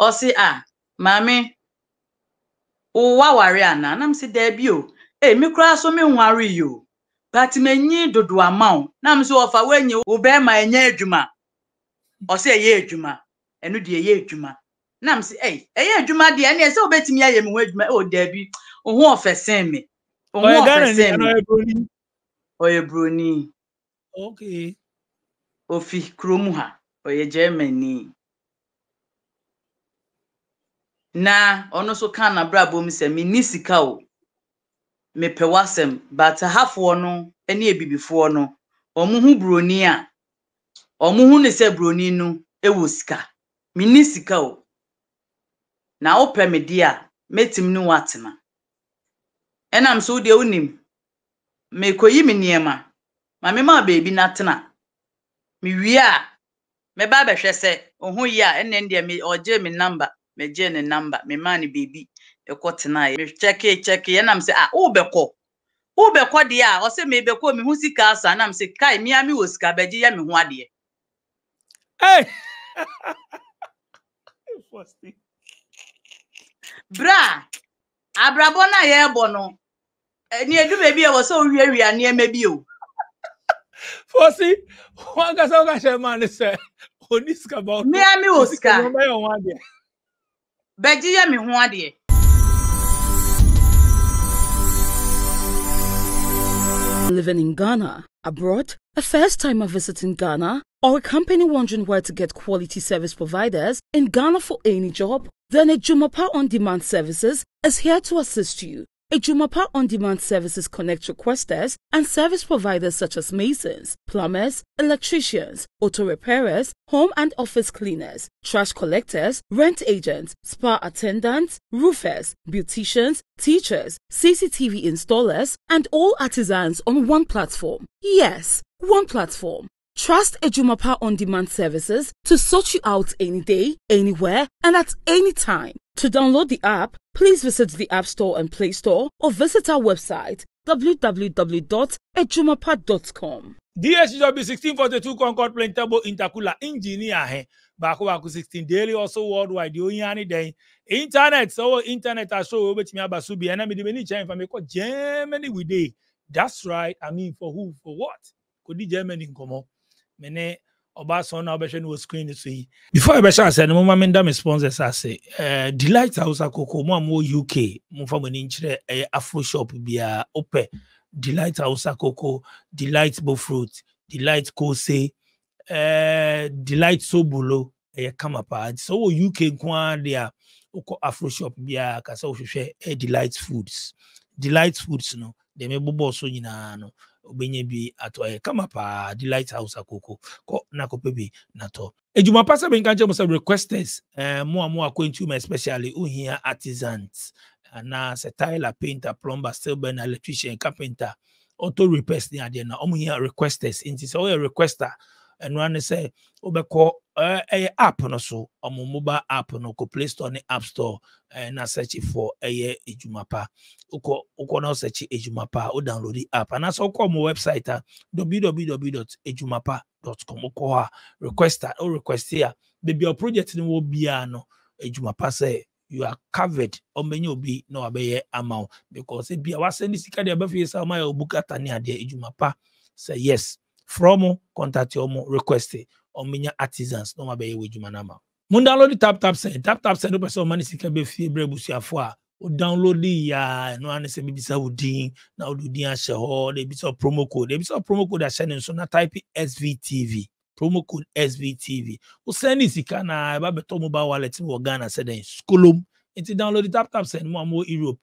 ọ sị a mami ụwa wari ana nam si debi o emikura so mi nwari yo but menyi dodo ama o nam si ọfa nye ube ma enye edwuma ọ sị eye edwuma ẹnu di eye edwuma nam sị, ei eye edwuma di ẹni ẹsẹ obetumi ayẹ mi ho edwuma o debi ohun ọfẹsẹn mi ohun ọfẹsẹn mi ọyẹ broni ofi kurom ha ọyẹ germany. na ɔno nso ka n'abrabɔ mu sɛ mini sika o mepɛ w'asɛm but ahafoɔ no ɛne abibifoɔ no ɔmo ho broni a ɔmo ho ne sɛ broni no wɔ sika mini sika o na wopɛ me di a metim ne watena ɛnam so deɛ wonim mekoyi me nneɛma ma mema beebi natena mewie a mɛba abɛhwɛ sɛ ohu yi a ɛnɛ deɛ ɔgye me namba megyee ne namba memaa ne beebi ɛkɔ tenaeɛ mekyɛke kyɛke ɛnam sɛ a ah, wobɛkɔ wobɛkɔ deɛ a ɔsɛ mebɛkɔ meho sika asa nam sɛ kae mea me wɔ sika bɛgye yɛ me ho adeɛ berɛ abrabɔ no a yɛrebɔ no nneɛduma eh, bi ɛwɔ sɛ wowiawia nneɛma bi o fɔsi wankasa woka hyɛ ma ne sɛ ɔni sika bɔ mea me wɔ sika bɛgye yɛ ho Living in Ghana, abroad, a first timer visiting Ghana, or a company wondering where to get quality service providers in Ghana for any job, then a Jumapa On Demand Services is here to assist you. A on demand services connect requesters and service providers such as masons, plumbers, electricians, auto repairers, home and office cleaners, trash collectors, rent agents, spa attendants, roofers, beauticians, teachers, CCTV installers, and all artisans on one platform. Yes, one platform. Trust Ejumapa on demand services to sort you out any day, anywhere, and at any time. To download the app, please visit the App Store and Play Store or visit our website www.ejumapa.com. DSGW 1642 Concord Plain Turbo Intercooler Engineer Hen Baku Baku 16 Daily also worldwide you hear Oyani Day Internet so internet I show over to me about Subi and I'm the many chain from Germany we day. That's right. I mean for who for what? Could Germany come on? Mene ɔbaasan na ɔbɛhwɛ no wɔ screen no so I before yɛbɛhyɛ asɛ no moma menda me sponsors ase say. delight eh, house akoko mu a uk momfa mo ani nkyerɛ eh, afro shop biya open. delight house akoko delight bofruit delight kose uh, eh, delight sobolo ɛyɛ kama paa So uk nko dia de afro shop biya kasa sɛ wohwehwɛ eh, delight foods delight foods no deme mebobɔɔ so nyinaa no wobɛnya bi atɔ ɛyɛ kama paa de light house akoko kɔ na bi natɔ adwuma pa sɛ menka nkyɛ mu sɛ requesters eh, mo a mo a kɔntuma especially wohia artisans anaasɛ tyler painter plumber stilburn electrician carpenter auto repairs ni adeɛ na ɔmo hia requesters nti sɛ woyɛ requester ɛnoa ne sɛ wobɛkɔ ɛyɛ app no so ɔmo mobile app no kɔ play store ne app store ɛɛ na search for ɛyɛ edwuma pa wokɔ wokɔ na search edwuma pa o download the app anaasɛ wokɔ ɔmo website a www.edwumapa.com wokɔ hɔ a request a wo request a beebi a project no wɔ biara no edwuma pa sɛ you are covered ɔmɛnyɛ obi na wabɛyɛ ama wo because ebi a wasɛn ne sika deɛ ɛbɛfo yɛ sɛ ɔmo ayɛ obukata ne adeɛ edwuma pa sɛ yes from contact your request or minya artisans no mabe we juma na ma mun download tap tap send tap tap send person man si kabe fie bre busuafo a o download the ya no an se bi sa udin na udin a she ho they be promo code they be promo code a send so na type svtv promo code svtv o send si kana ba beto mobile wallet wo Ghana said then skolom download the tap tap send mo amu Europe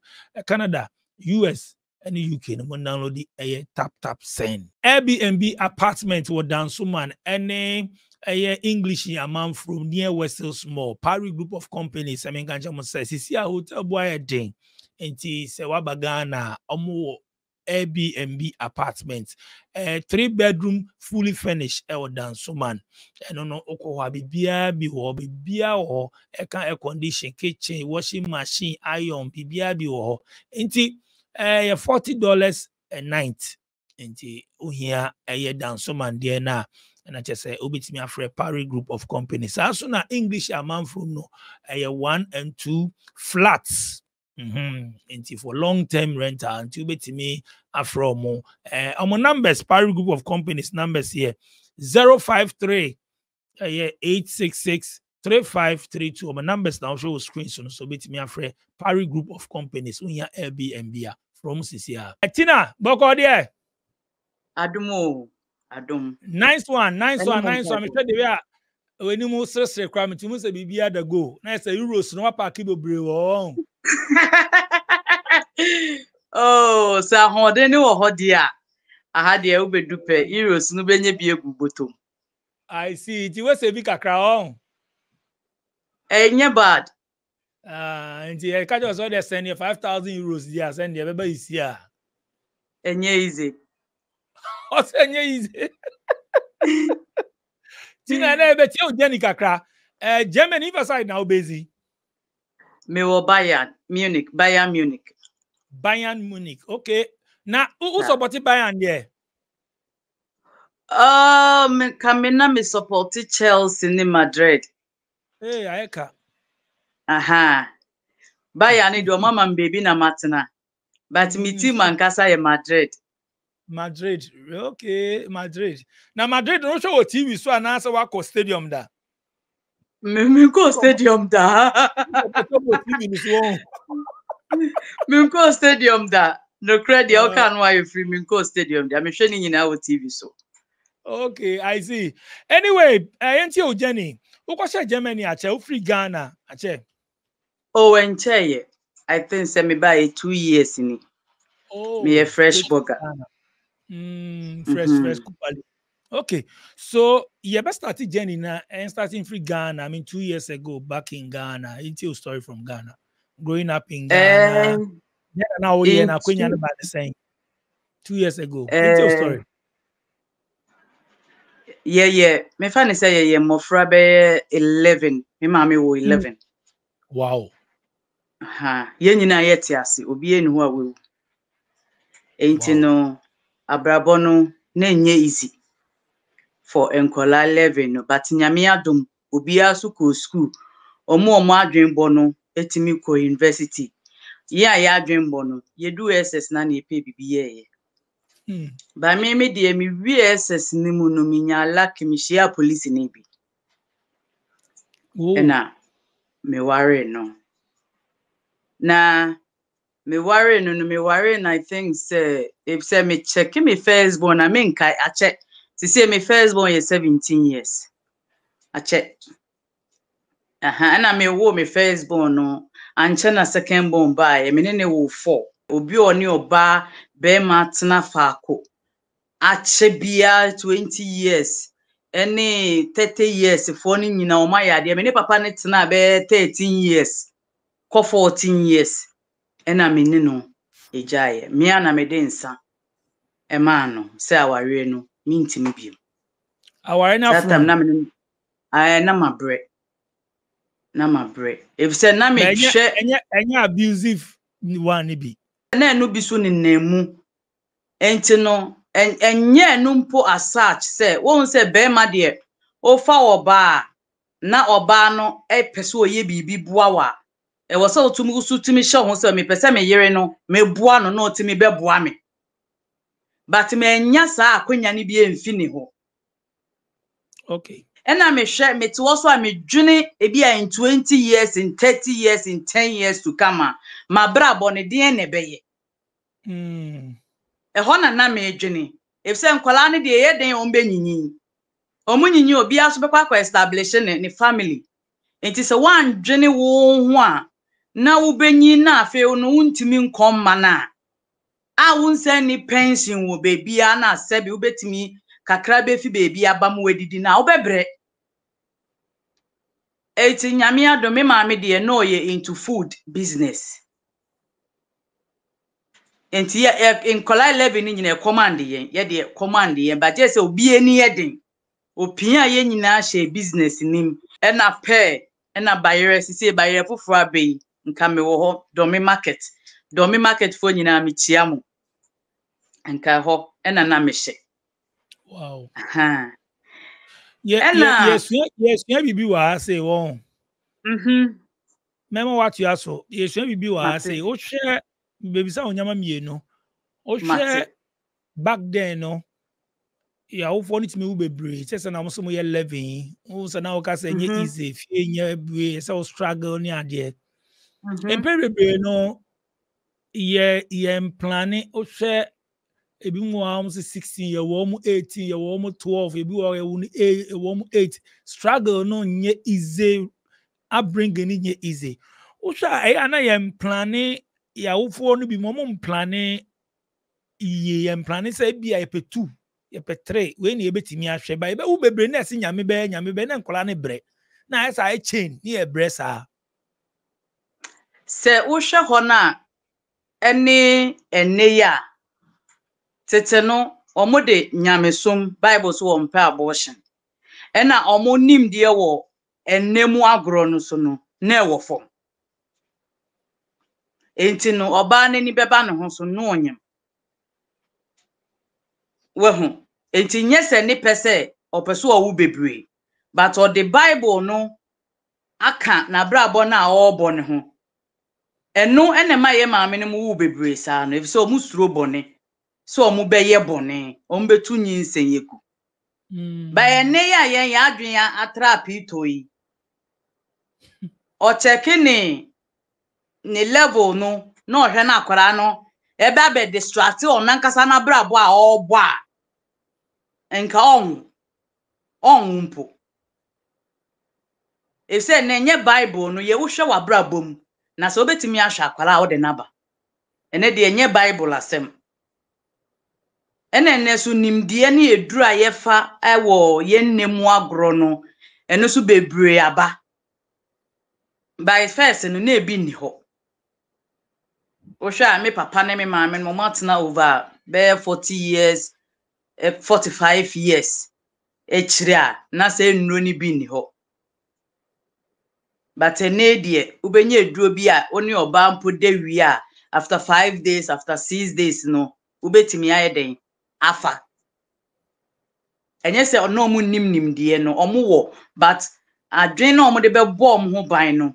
Canada US ne uk no mu download ɛyɛ tap tap send airbnb apartment wɔ dansoman ne ɛyɛ english from near westels mall Paris group of companies ɛmenka nkyɛn mo sɛ sisi a hotel bu ayɛ den nti sɛ waba ghana ɔmo wɔ Airbnb apartment. Uh, three bedroom fully furnished ɛwɔ dansoman ɛno no wokɔ hɔ a biribiaa bi wɔ hɔ biribiaa wɔ hɔ ɛka air condition kitchen washing machine iron biribiaa bi wɔ hɔ nti ɛyɛ eh, forty dollars a night nti ohia ɛyɛ dansomandeɛ no a ɛna kyɛ sɛ wobɛtumi afrɛ parry group of companies saa na english amanfom no ɛyɛ one and two flats mm -hmm. nti for long term renter. nti wobɛtumi afrɛ ɔmo ɛɛ eh, ɔmo numbers parry group of companies numbers here zero five three ɛyɛ eight six six. 3532 ɔmo numbers na ɔhwɛ wɔ screen so no so wobɛtumi afre parry group of companies unia airbnb a from sisia. Tina gbọ́kọ́ díẹ̀. Adum o, adum. Nice one, nice one, nice one. Mehwɛ de bi a w'anim seresere koraa metu mu be biribi ada go. Nice. sɛ euros na wapaaki bebree wɔ wɔn. Oh, sɛ ahoɔden wɔ hɔ deɛ a, aha deɛ wobedu pɛ, euros no bɛnyɛ bi egu botom. I see, ti wɔ sɛ bi kakra wɔn. Ɛnyɛ bad. Ah, nti ɛka kyerɛ sɛ ɔde sɛn yɛ five thousand euros di a sɛn deɛ ɛbɛba yi si a. ɛnyɛ easy. ɔsɛ ɛnyɛ easy. tina ɛnna ɛbɛtie o jɛni kakra ɛɛ germany ifa side na o bɛ zi. mi wɔ bayern munich bayern munich. bayern munich okay na o sɔpɔti bayern deɛ. Um, kamina mi sɔpɔti chelsea ni madrid. ee hey, ayeka. Aha. Bayern do mama mbebi na matina. But mi team hmm. ye Madrid. Madrid. Okay, Madrid. Na Madrid no show TV so anasa wako stadium da. Mmemme kọ stadium da. Mmemme stadium da. nokorɛ deɛ ɔka no ayɛ firi minko stadium da, mehwɛ ne nyinaa wɔ tv so okay i see anyway nti ogya ni wokɔhyɛ germany akyɛ wofiri ghana Oh, and chair. I think semi by two years in it. Oh, me a fresh burger. Mm, fresh, mm -hmm. fresh. Mm-hmm. Okay, so you ever started journey now and starting free Ghana. I mean, two years ago, back in Ghana. It's your story from Ghana, growing up in Ghana. Um, yeah, now we're now Queen about the same. Two years ago, it's your eh, story. Yeah, yeah. My family say yeah, yeah. My be eleven. My mommy was eleven. Mm. Wow. ha yɛn nyinaa yɛte ase obiara ni hɔ a wawu nti no abrabɔ no na nye izi for nkɔla eleven no but nyame adom obiara nso kɔ sukuu ɔmo ɔmo adwenbɔ no etimi kɔ university yɛ a yɛ adwenbɔ no yɛdu ss na na epe bibi yɛɛyɛ hmm. bame mi deɛ mi wi ss ne mu no mi nya alaki mi hyia polisi ne bi ɛna mi ware no. na me worry no no me worry na i think say if say me check me first born i mean kai i check to say me first born is 17 years a check aha na me wo me first born no anche na second born by me ne ne wo four obi oni oba be ma tena faako akyɛ bia 20 years ɛne 30 years foɔ no nyinaa ɔma yɛ adeɛ me ne papa no tena bɛyɛ 13 years kɔ 14 years ɛna me ne no ɛgyaeɛ mmea na mede nsa ɛmaa no sɛ awareɛ no mentimi biom awareɛ no atam na mene ayɛ na mabrɛ na mabrɛ efisɛ na mehwɛ ɛnyɛ ɛnyɛ abusive one bi na ɛno bi so nenam mu nti no ɛnyɛ no mpo asach sɛ wohu sɛ bɛrima deɛ ɔfa ɔbaa na ɔbaa no ɛpɛ sɛ ɔyɛ biribi boa ɛwɔ sɛ wotum so tumi hyɛ ho sɛ mepɛ sɛ meyere no meboa no na ɔtumi bɛboa me but manya saa akonnwa no bi ɛmfi e ne hɔ ɛna mehwɛ mete hɔ so a medwene ebi a in 20 years in 30 years in 10 years to come a mabrabɔ ne deɛn na ɛbɛyɛ hmm. ɛhɔ na na medwene efisɛ nkwadaa no deɛ ɛyɛ den wɔn bɛnyinyi wɔn nyinyi obiara so bɛkɔ akɔ establish ne ne family nti sɛ wɔandwene wɔn ho a na wubenyi na afe no wuntimi nkɔ mma na a wunsa ni pension wɔ beebi a na asɛbi wubetumi kakra befi beebi aba mu edidi na wobɛbrɛ eti nyame adome maame deɛ na ɔyɛ into food business nti yɛ ɛ nkɔla eleven ne nyinaa command yɛn yɛ deɛ command yɛn ba gye sɛ obi ani yɛ den opin a nyinaa hyɛ business nim ɛna pɛɛ ɛna bayerɛ sisi bayerɛ foforɔ abɛyi. nka mewɔ hɔ dɔme market dɔme market foɔ nyinaa mekyia mo nka hɔ ɛna na mehyɛ yɛsua biribi wɔ ha sei wɔn mhm. mɛma watoa so yɛsua biribi wɔ ha sei wohwɛ bebisa wo nyama mmienu wohwɛ back then no yàwòfọ ní tìmí wù bebree kyẹ sẹ na wọn sọ mo yẹ lẹvin wọn sọ na wọn kasa ẹ nye mhm. easy fie nye ebue ẹ sẹ wọn struggle ní adìẹ Mm-hmm. mpɛ bebree no yɛ yɛ mplane wohwɛ ebi mu a wɔn sɛ sixteen yɛ wɔn mu eighteen yɛ wɔn mu twelve ebi wɔ ɛwɔ mu eight ɛwɔ mu eight struggle no nyɛ easy abringi ni nyɛ easy wohwɛ a ɛyɛ ana yɛ mplane yàwófoɔ no bi mu wɔn mplane yie yɛ mplane sɛ ebi a yɛpɛ two yɛpɛ three wei na yɛbɛtumi ahwɛ ba yɛbɛwo bebree na ɛsɛ nyame bɛyɛ nyame bɛyɛ na nkɔla ne brɛ na ayɛ sɛ ayɛ chain ne yɛ brɛ saa. sɛ wohwɛ hɔ no a ɛne ɛnɛ yi a tete no ɔmo de nyamesom bible so wɔ mpɛ abortion ɛna ɔmo nim deɛ wɔ ɛnɛ mu agorɔ no so no na ɛwɔ fam nti no ɔbaa n'ani bɛba ne ho so na ɔnyam wahu nti nyɛ sɛ ne pɛ sɛ ɔpɛ so ɔwo bebree but ɔde bible no aka n'abrabɔ no a ɔrebɔ ne ho. ɛno ɛna ɛma yɛ maame no mu wu bebree saa no ebi sɛ suro bɔne sɛ ɔmo bɛyɛ bɔne ɔmo bɛtu nyi nsɛn yɛ ku mm. bɛyɛ ne yɛ a yɛn yɛ adwene atra apiito yi ɔkyɛke ne ne level no na ɔhwɛ no akwaraa no ɛbɛ abɛ distract ɔnankasa n'abrabɔ a ɔrebɔ a nka ɔnwo ɔnwo mpo ebi sɛ nye ɛnyɛ bible no yɛ wohwɛ w'abrabɔ mu. na sɛ wobɛtumi ahwɛ akwara a wode naba ɛnɛ deɛ ɛnyɛ bible asɛm ɛna ɛnɛ so nimdeɛ ne yɛduru a yɛfa wɔ yɛnne mu agorɔ no ɛno so bebree aba by first no na ebi nni hɔ wohwɛ a me papa ne me maame no ɔmatena over bɛyɛ forty years eh, forty five years akyire a na sɛ nnuro no bi nni hɔ but ɛnɛ deɛ wobɛnya aduro bi a wo ne ɔbaa mpo da wie a after five days after six days no wobɛtumi ayɛ den afa ɛnyɛ sɛ ɔno ɔmo nim nimdeɛ no ɔmo wɔ but adwene na ɔmo de bɛbɔ ɔmo ho ban no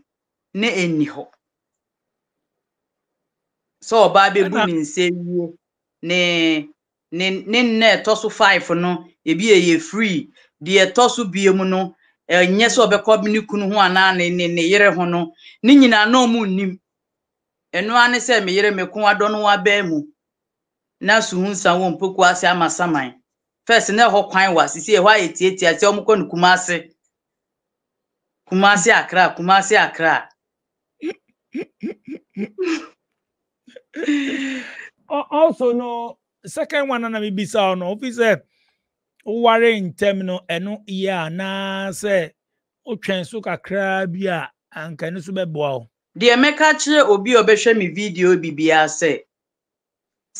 ne ɛnni hɔ sɛ ɔbaa bɛbu ne nsa wie ne ne ne nna ɛtɔ so five no ebi yɛ free deɛ ɛtɔ so bie mu no ɛnyɛ sɛ ɔbɛkɔ ne kunu ho anaa ne ne ne yere ho no ne nyinaa na ɔmo nnim ɛno ara ne sɛ me yere me ko adɔ no abɛn mu na suhu nsa wɔ mpoku ase ama saman fɛs na ɛhɔ kwan wɔ asisi ɛhɔ e ayɛ tietia sɛ ɔmo kɔ ne kumase kumase akra kumase akra. also no second one na mi bisa ɔno ofi sɛ. woware ntɛm no ɛno yɛ anaasɛ wotwɛn so kakra bi a anka ɛno so bɛboa wo deɛ mɛka kyerɛ obi a ɔbɛhwɛ me video bibiaa sɛ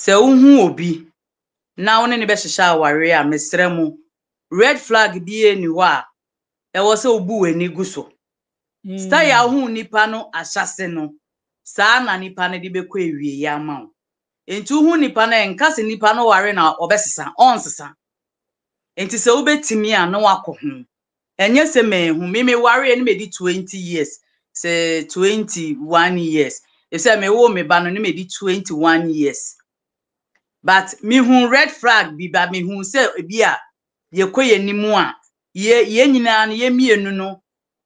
sɛ wohu obi na wo ne ne bɛhyehyɛ aware a mesrɛ mu red flag bie ni hɔ a ɛwɔ sɛ wobu w'ani gu so hmm. sɛ yɛ wohu nnipa no ahyase no saa na nnipa no de bɛkɔ awieyi ama wo nti wohu nnipa no ɛnka sɛ nnipa no ware na ɔbɛsesa ɔnsesa nti sɛ wobɛtumi a na wakɔ ho ɛnyɛ sɛ mehu meme wareɛ no medi 20 years sɛ 21 years ɛsɛ mewoo me ba no no medi 21 years but mehu red flag bi ba mehu sɛ ebi a yɛkɔ yɛnim a yɛ yɛn nyinaa no yɛmmienu no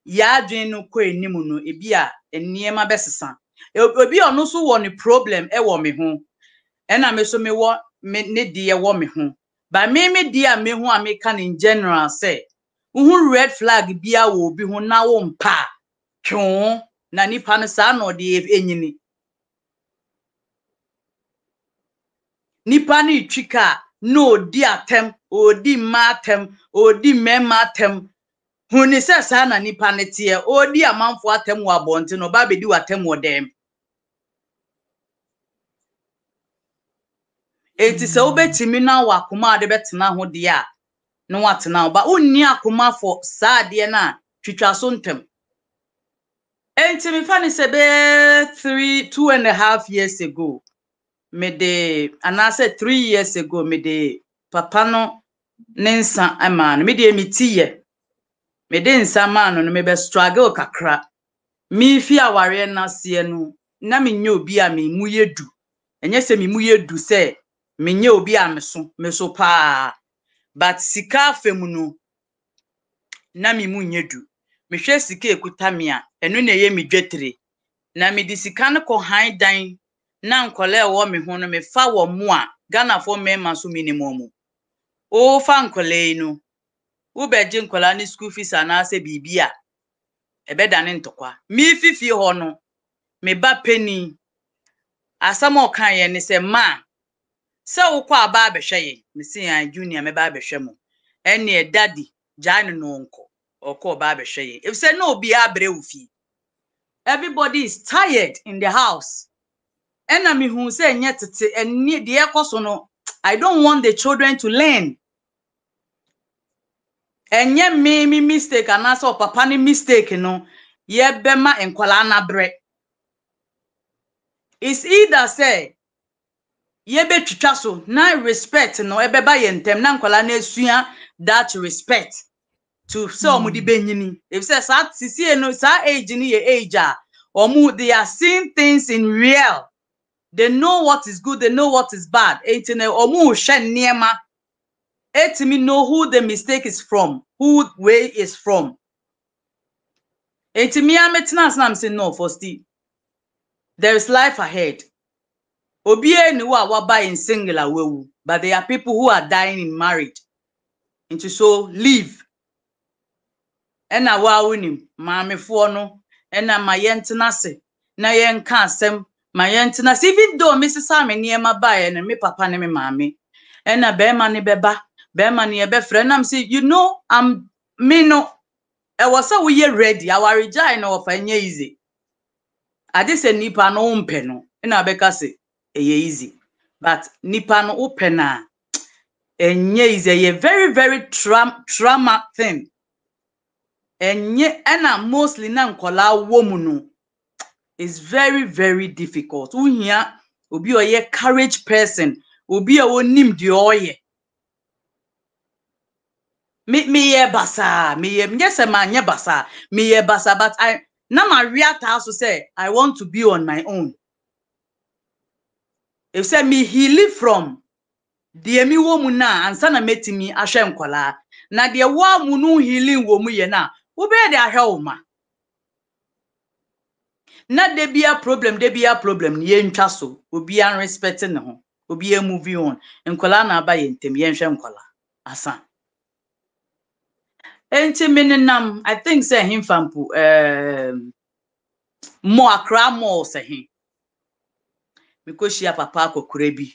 yɛadwen no kɔ anim no ebi a nneɛma bɛsesa e, obi ɔno nso wɔ ne problem ɛwɔ me ho ɛna me nso mewɔ me ne deɛ wɔ me ho but me me deɛ a me ho a me ne in general sɛ wohu red flag bia wɔ obi ho na wo mpa twoo na nipa no saa na ɔde e, enyini nipa no etwi kaa na odi atɛm odi mma atɛm odi mmarima atɛm huni sɛ saa na nipa no teɛ odi amanfo atɛm wɔ abɔnten na ɔba abɛdi wɔ atɛm wɔ dɛm eti sɛ wobɛtumi na wɔ akoma a de bɛtena ho deɛ a na watena ho ba wonni akoma fɔ saa adeɛ no a twitwa so ntɛm enti mefa ne sɛ bɛyɛ three two and a half years ago mede anaasɛ three years ago mede papa no ne nsa maa no medeɛ meti yɛ mede nsa maa no no mebɛ struggle kakra mefi awareɛ no aseɛ no na menyɛ obi a memu yɛ du ɛnyɛ sɛ memu yɛ du sɛ menyɛ obi a meso meso paa but sika mu no na me mu nyɛ du mehwɛ sika ekuta me a ɛno na ɛyɛ me dwetire na mede sika no kɔ han dan na nkɔlaa ɛwɔ me ho no mefa wɔ mo a ghanafoɔ mmarima so minimum mu wofa nkɔlaa yi no wobɛgye nkɔlaa ne school fees anaasɛ biribi a ɛbɛda ne ntɔkwa mefifie hɔ no meba panin asɛm a ɔkaeɛ ne sɛ maa sɛ wokɔ aba abɛhwɛ yɛ mesi yɛn junior mɛba abɛhwɛ mu ɛne ɛdadi gyaa ne no nkɔ ɔkɔ ɔba abɛhwɛ yɛ efisɛ na obiara abere wo fie everybody is tired in the house ɛna mihu sɛ ɛnyɛ tete ɛni deɛ ɛkɔ so no i don't want the children to learn ɛnyɛ me mi mistake anaasɛ ɔpapa ni mistake no yɛbɛma nkwadaa n'abrɛ it's either say yɛbɛtwitwa so na respect no ɛbɛba yɛn ntɛm na nkwadaa no asua that respect to sɛ wɔn de hmm. bɛnyini efisɛ saa sisie no saa age no yɛ age a wɔn they are seeing things in real they know what is good they know what is bad eti na wɔn rehwɛ nneɛma etimi know who the mistake is from who way is from eti mmea metena asenam say no for still there is life ahead obiara ni wa a waba in single a but there are people who are dying in marriage Into so leave ɛna waawo nim maamefoɔ no ɛna ma yɛn tena ase na yɛn ka asɛm ma yɛn tena ase even though mesesa me nneɛma baeɛ no me papa ne me maame ɛna bɛrima ne bɛba bɛrima ne yɛbɛfrɛ nam sɛ you know am me no ɛwɔ e sɛ woyɛ ready awaregyae no wɔfa nyɛ easy ade sɛ nnipa no wompɛ no ɛna abɛka sɛ ɛyɛ easy but nipa no wopɛ na ɛnyɛ easy ɛyɛ very very tram trauma thing ɛnyɛ ɛna mostly na nkɔlaa wɔ mu no is very very difficult wohia obi a ɔyɛ courage person obi a onim deɛ ɔyɛ me me meyɛ basaa meyɛ nyɛ sɛ maa nyɛ basaa meyɛ basaa but i na ma rea taa so sɛ i want to be on my own efisɛ mihili from deɛ miwɔ mu no a ansa na mɛtumi ahwɛ nkɔlaa na deɛ wɔn mu no hili wɔ mu yɛ no a wobɛyɛ de ahwɛ wo ma na de bia problem de bia problem ne yɛntwa so obiara respect ne ho obiara moving on nkɔlaa na aba yɛ ntɛm yɛnhwɛ nkɔlaa asa nti me nenam i think say him mpo um. mɔ akra mɔɔ sɛ he mikoshiya papa akokorebi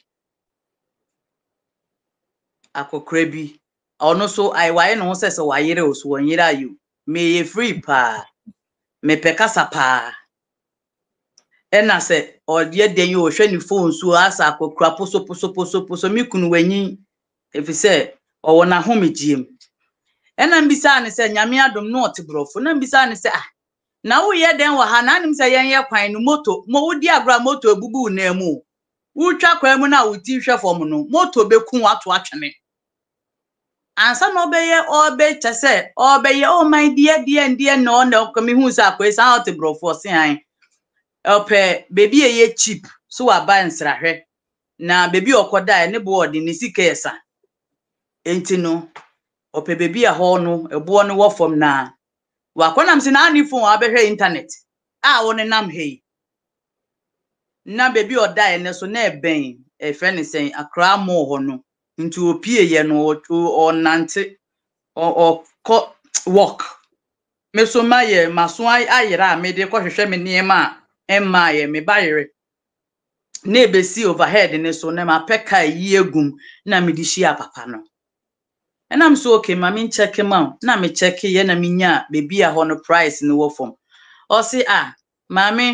bi ɔno so ayiwaye ne ho sɛ sɛ wayere o so wɔn yere ayi o meyɛ free paa mepɛ kasa paa ɛna sɛ ɔdeɛ den yi ɔhwɛ ne phone so asa akokora poso poso poso poso mi kunu w'anyi efisɛ ɔwɔ n'ahomegyem ɛna mbisa ne sɛ nyame adum na ɔte borɔfo na mbisa ne sɛ ah na woyɛ dɛn wɔ ha na anim sɛ yɛnyɛ kwan no moto mo wodi agorɔ a moto ebubu nan mu wotwa kwan mu na woti hwɛ fam no moto beku wato atwene ansa na ɔbɛyɛ ɔbɛkyɛ sɛ ɔbɛyɛ ɔman deɛ deɛ deɛ na ɔna ɔkɔmi hu sɛ akɔyɛ saa ɔte borɔfoɔ se an ɔpɛ beebi a ɛyɛ chip so waba nsrahwɛ na beebi a ɔkɔda ne board ne sika ɛsa nti no ɔpɛ beebi a hɔ no ɛboɔ no wɔ fam naa wakɔnam sɛ naane phone abɛhwɛ internet a wo ne nam hei na baabi ɔdaeɛ no so na ɛbɛn ɛfrɛ ne sɛn akraa mɔɔ hɔ no nti opieyɛ no ɔnante ɔkɔ work me so ma maso ayerɛ a mede kɔhwehwɛ me nneɛma a ɛmmaa e yɛ me ba na ebesi overhead ne so na mapɛ kaa yi egum na mede hyia papa no ɛna m so okay maame nkyɛke ma o na me kyɛke yɛ na menya beebi a hɔ no price no wɔ fam ɔsi a maame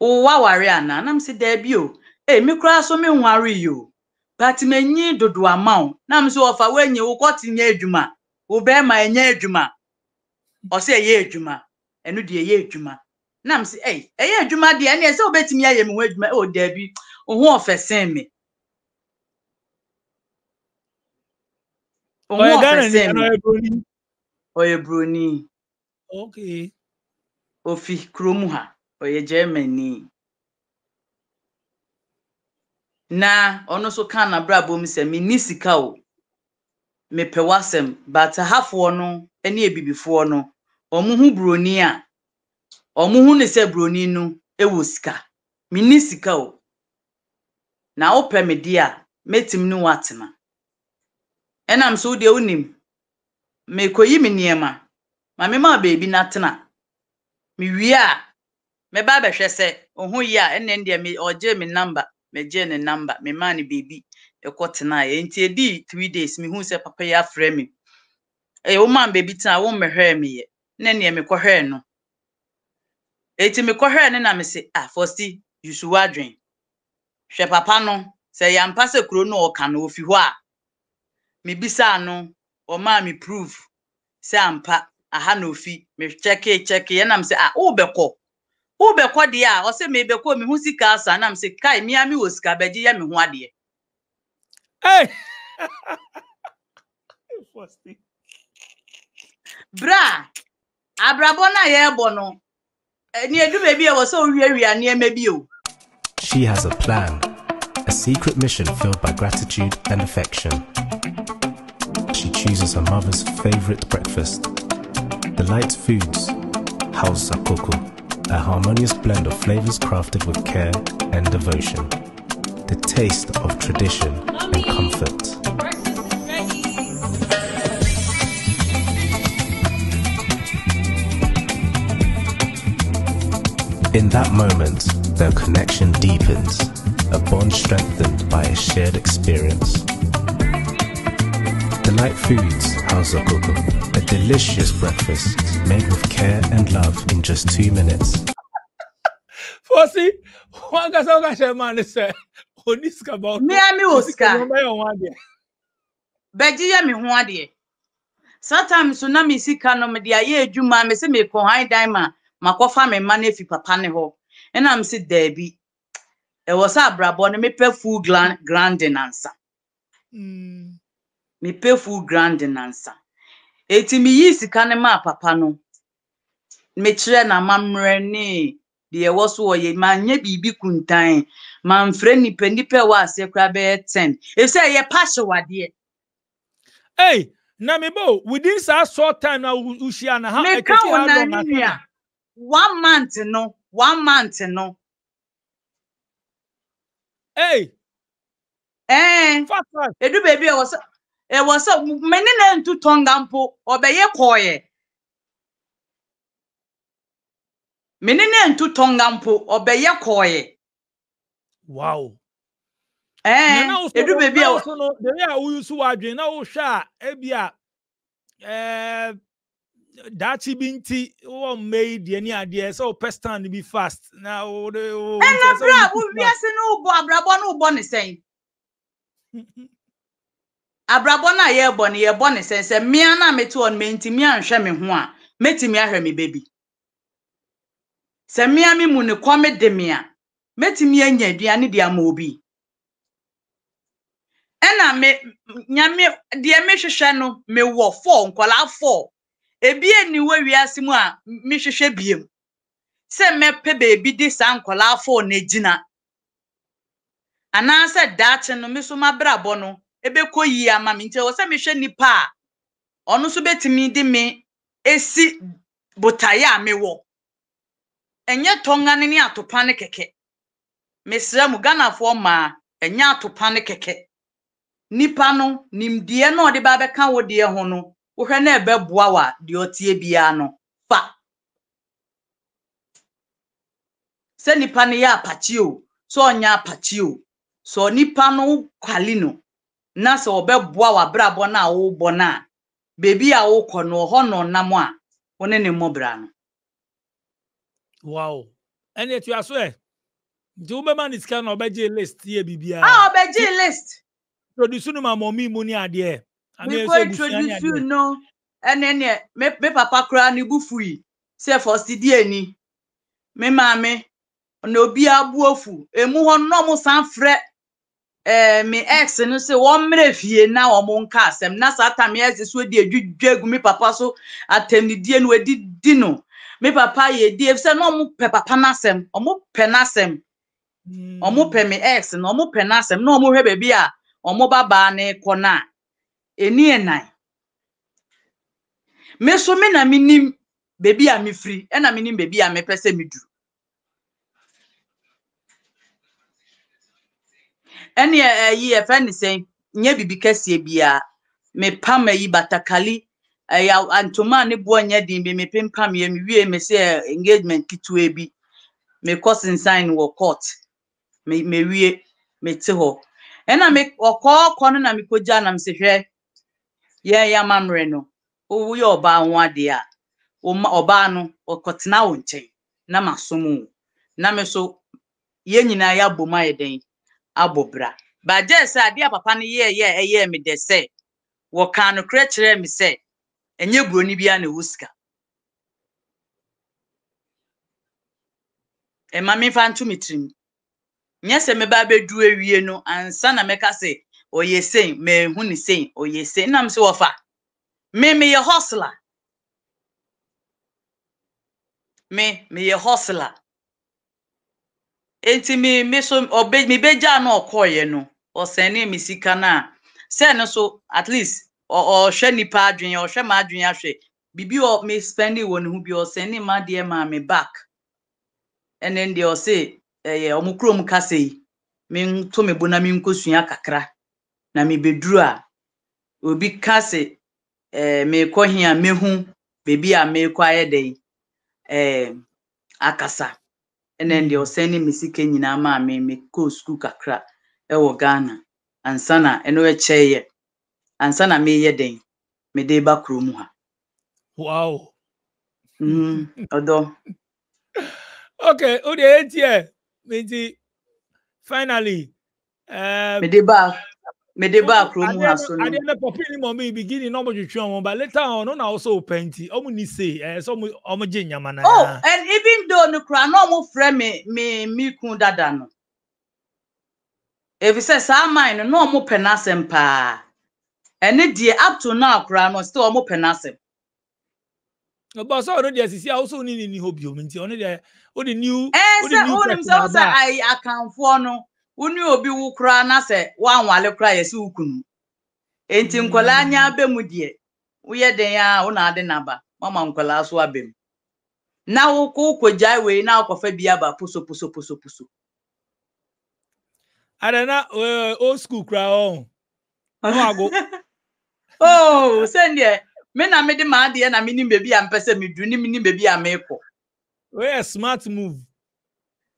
wowɔ aware ana na m si daabi o ee eh, me koraa so me nware yi o but menyi dodo ama o na m so ɔfa wɔnyi wokɔte nye adwuma wo bɛrima enye adwuma ɔsi ɛyɛ adwuma ɛnu deɛ ɛyɛ adwuma na m si ɛy ɛyɛ adwuma deɛ ɛna ɛsɛ obetumi ayɛ mi ho adwuma ɛwɔ oh, daabi ohun ɔfɛsɛn mi. Onye Ghana ni ana onye Broni. Onye Okay. Ofi kurom ha, Germany. Na ɔno nso ka n'abrabɔ mu sɛ menni sika o. Mepɛ w'asɛm, but ahafoɔ no ne abibifoɔ no, a wɔn ho ne sɛ Broni no wɔ sika. Menni sika o. Na wopɛ me ɛnam so wodeɛ wonim mekoyi me nneɛma ma mema baabi na tena mewie a mɛba abɛhwɛ sɛ ɔho yi a ɛnɛ deɛ me ɔgye me namba mɛgye ne namba memaa ne baabi ɛkɔ tenaeɛ nti ɛdii three days mehu sɛ papa yi afrɛ me ɛyɛ woma baabi tena wommɛhwɛɛ meyɛ ne neɛ mekɔhwɛɛ no eti mekɔhwɛɛ no na mese a ah, fɔsi yusuwa adwen hwɛ papa no sɛ yɛampa sɛ kuro no ɔka no ofi hɔ a mebisaa no ɔmaa me proof sɛ ampa aha na ofi mekyɛke kyɛke ɛnam sɛ a ah, wobɛkɔ wobɛkɔ deɛ a ɔsɛ mebɛkɔ mehu sika asa nam sɛ kae mea me wɔ sika bɛgye yɛ me ho adeɛ berɛ a abrabɔ no a yɛrebɔ no ɛne adume bi ɛwɔ sɛ wowiawia nneɛma bi o She has a plan, a secret mission filled by gratitude and affection. is a mother's favorite breakfast. The light foods house sakoko, a harmonious blend of flavors crafted with care and devotion. The taste of tradition and comfort. In that moment, their connection deepens, a bond strengthened by a shared experience. Delight Foods House of Cocoa. A delicious breakfast made with care and love in just two minutes. Fosi, wanga songa shemani se. Oniska ba. Me ami Oscar. Beji ya Sometimes so na mi sika no me de aye adwuma me se me ko han dan ma makofa me ma papa ne ho. Ena me se da bi. E wo sa me pe full grand grand answer. Hmm. mepɛ full grand nansa eti meyi sika ne maa papa no mekyerɛ n'amammerɛ ne deɛ ɛwɔ so ɔyɛ manyɛ biribi kuntan mamfrɛ nipa nipa ɛwɔ aseɛ koraa bɛyɛ ten efisɛ ɛyɛ pahyewadeɛ. ɛy na mebo within saa short time na wuhyia na ha ɛkɛse ha lɔ one month no one month no. Hey. Eh. ɛy ɛɛ edu baby I was ɛwɔ eh, sɛ mene na ntu tɔnga mpo ɔbɛyɛ kɔɔyɛ mene na ntu tɔnga mpo ɔbɛyɛ kɔɔyɛ. wow. ɛɛ edu beebi a. beebi a woyi nso wadwin na wohwɛ a ebi a ɛɛ eh, daakye bi nti wɔ mma yi deɛ ne adeɛ sɛ wopɛ stand bi fast na wode. ɛna bra wo wiase no wobɔ abrabɔ no wobɔ ne sɛn. abrabɔ no a yɛrebɔ no yɛbɔ ne sɛn sɛ mmea no a mete hɔ no mentumi anhwɛ me ho a mɛtumi ahwɛ me baabi sɛ mmea me mu ne kɔme de me a mɛtumi anya aduane de ama obi ɛna me nyame deɛ mehwehwɛ no mewɔ fɔɔ nkɔlaa fɔɔ ebi eni wɔ wiase mu a mehwehwɛ biem sɛ mɛpɛ beebi de saa nkɔlaa fɔɔ na egyina anaasɛ daakye no meso mabrabɔ no ebekọ yi ama m nti ɛwɔ sɛ mehwɛ nipa a ọno nso betumi de me esi botaeɛ a mewɔ ɛnyɛ tɔngane ne atopa ne kɛkɛ mesrɛ mu ghanafoɔ mmaa ɛnyɛ atopa ne kɛkɛ nipa no nimdeɛ na ɔde ba bɛka wo deɛ ho no wohwɛ na ɛbɛboa wa deɛ ɔteɛ biara no fa sɛ nipa no yɛ apakye o sɛ ɔnyɛ apakye o sɛ nipa no kwali no na sɛ ɔbɛboa w'abrabɔ no a wobɔ no a beebi a wokɔ no ɔhɔ na ɔnam a wo ne ne mmɔbra no wow ɛne atua so ɛ nti wobɛma ne sika na ɔbɛgye list yɛ biribiaa a ɔbɛgye list introduce no ma mɔmi mu ne adeɛ mekɔ introduce no ɛne neɛ me, me papa koraa ne bu fui sɛ fɔsidie ni me maame na obi abuofu emu hɔ nnɔm san frɛ eh, me ex no sɛ wɔmmerɛ fie na wɔn nka asɛm na saa tam yɛ ɛsɛ so di edwidwa egu me papa so atɛnidie no edi di no me papa yɛ di efisɛ na wɔn pɛ papa n'asɛm wɔn pɛ n'asɛm wɔn pɛ me ex na wɔn pɛ n'asɛm na wɔn hwɛ baabi a wɔn babaa ne kɔ na eni ɛnan me so me na me nim baabi a me firi ɛna e me nim baabi a me pɛ sɛ me duru. ɛne ɛyi ɛfɛ ne sɛn nyɛ bibi kɛseɛ biara mepam ɛyi batakali ɛyɛ antoma ne boɔ nyɛ den bi mepempam yɛ mewie me sɛ engagement ketewa bi mekɔ sensan no wɔ court me mewie mete hɔ ɛna me ɔkɔɔkɔ no na mekɔgya nam sɛ hwɛ yɛn yɛ amammerɛ no woyɛ ɔbaa ho adeɛ a ɔbaa no ɔkɔtena wo nkyɛn na masom wo na me so yɛn nyinaa yɛabom ayɛ den Abobra, bra bagye sɛ adeɛ a papa no yɛɛyɛ ɛyɛɛ me dɛ sɛ wɔkaa nokorɛ kyerɛɛ me sɛ ɛnyɛ buroni biara na ɛwɔ sika ɛma e memfa nto me tirim nyɛ sɛ meba bɛdu awie no ansa na mɛka sɛ ɔyɛ sei maahu ne sei ɔyɛ sei nam sɛ wɔfa me meyɛ hɔsla me meyɛ hɔsla enti me me so obe me beja na okoye no osene me sika na se no so at least o hwe nipa adwen o hwe ma adwen ahwe bibi o me spend wo ne hu bi osene ma de ma me back and then they o say eh omukro mu kase yi me nto me bona me nkosua kakra na me beduru a obi kase eh me kohia mehu bebi a me kwa ayɛ den eh akasa ne deɛ ɔsɛne me sika nyinaa maa me mekɔɔ sukuu kakra wɔ ghana ansa na ɛno ɛkyɛeɛ ansa na meyɛ den mede ba kurom ha wow mm, ɔdɔ okay wodeɛ ɛntiɛ menti finally um, mede baa mede baa kurom ha so no adeɛ no pɔpi ne ma beginning na mo twetwe ɔmo ba later on ɔno na ɔsɔ ɔpɛ nti ɔmo ni se ɛɛ sɛ ɔmo ɔmo gye oh and even though no kura na ɔmo frɛ me me mi kun dada no efisɛ saa man no na ɔmo pɛ n'asɛm paa up to now kura no still ɔmo pɛ n'asɛm. but so already diẹ sisi ahosuo ni ni ni hɔ biom nti ɔno deɛ ɔde new ɔde new person na ɔba ɛɛ sɛ ɔnim sɛ ɔsɛ no. uni obi wu kura "Wa sɛ wanwale kura yɛ sɛ ukunu enti anya abem die, woyɛ den a wona ade naba mama nkwadaa so abem na wokɔ kɔgyae wei na akɔfa bi aba poso poso poso poso. ada na eh, old school kura ɔn ɔn ago. oo sɛndeɛ me na me ma maa deɛ na me nim beebi ya mpɛ sɛ me du ne me nim beebi a me kɔ. wey yɛ smart move.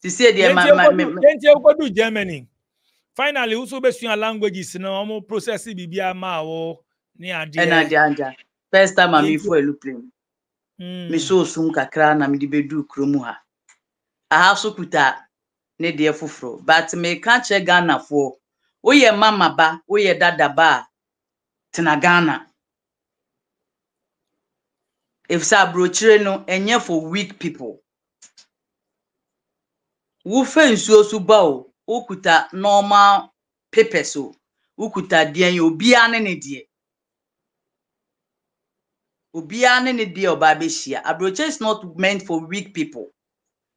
ti se deɛ ma ma me me yɛn ti ekodu germany finally nso language is na wɔn process biribi ama awo ne adeɛ ɛna adeɛ adeɛ first time a mi fo aeroplane mi hmm. so osum kakra na mi de bedu kurom ha have so kuta ne deɛ foforɔ but me ka kyerɛ ghana foɔ woyɛ mama ba woyɛ dada ba a If ghana efisɛ aburokyire no ɛnyɛ for weak people. wo nsuo so ba o wokuta normal papers so wokuta deɛ yɛ obiara ne ne deɛ obiara ne ne deɛ ɔbaa bɛhyia aburokye is not meant for weak people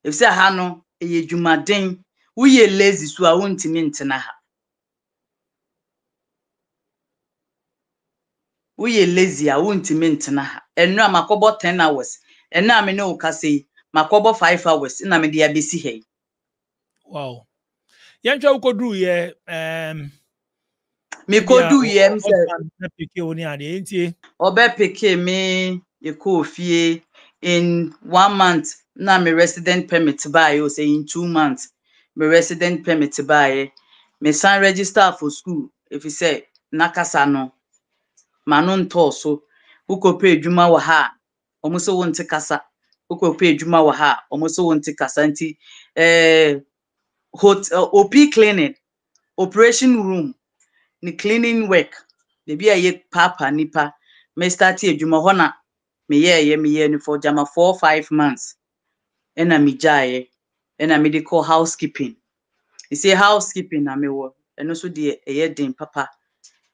efisɛ ha no ɛyɛ dwumaden woyɛ lazy so a wontumi ntena ha woyɛ lazy a wontumi ntena ha ɛnura makɔbɔ ten hours ɛnura mi ne wo kasa yi makɔbɔ five hours ɛna mi de abɛsi ha yi. wow yɛntwɛ wokɔduuyɛ mekɔduuyɛ m sɛ ɔbɛpeke me yɛkɔɔ fie in one month na me resident permit baeɛ o in two months me resident permit baeɛ mesan register for school ɛfiri n'akasa no ma no ntɔɔ so wokɔpɛ adwuma wɔ ha a ɔmo kasa ntị ha kasa nti hotel eh, op clinic operation room ne cleaning work baabi a yɛ paapa nipa mɛstarte adwuma hɔ na meyɛɛyɛ meyɛɛ no for gyama four five months ɛna megyaeɛ ɛna mede kɔ housekeeping ɛsie housekeeping na mewɔ ɛno nso deɛ ɛyɛ den papa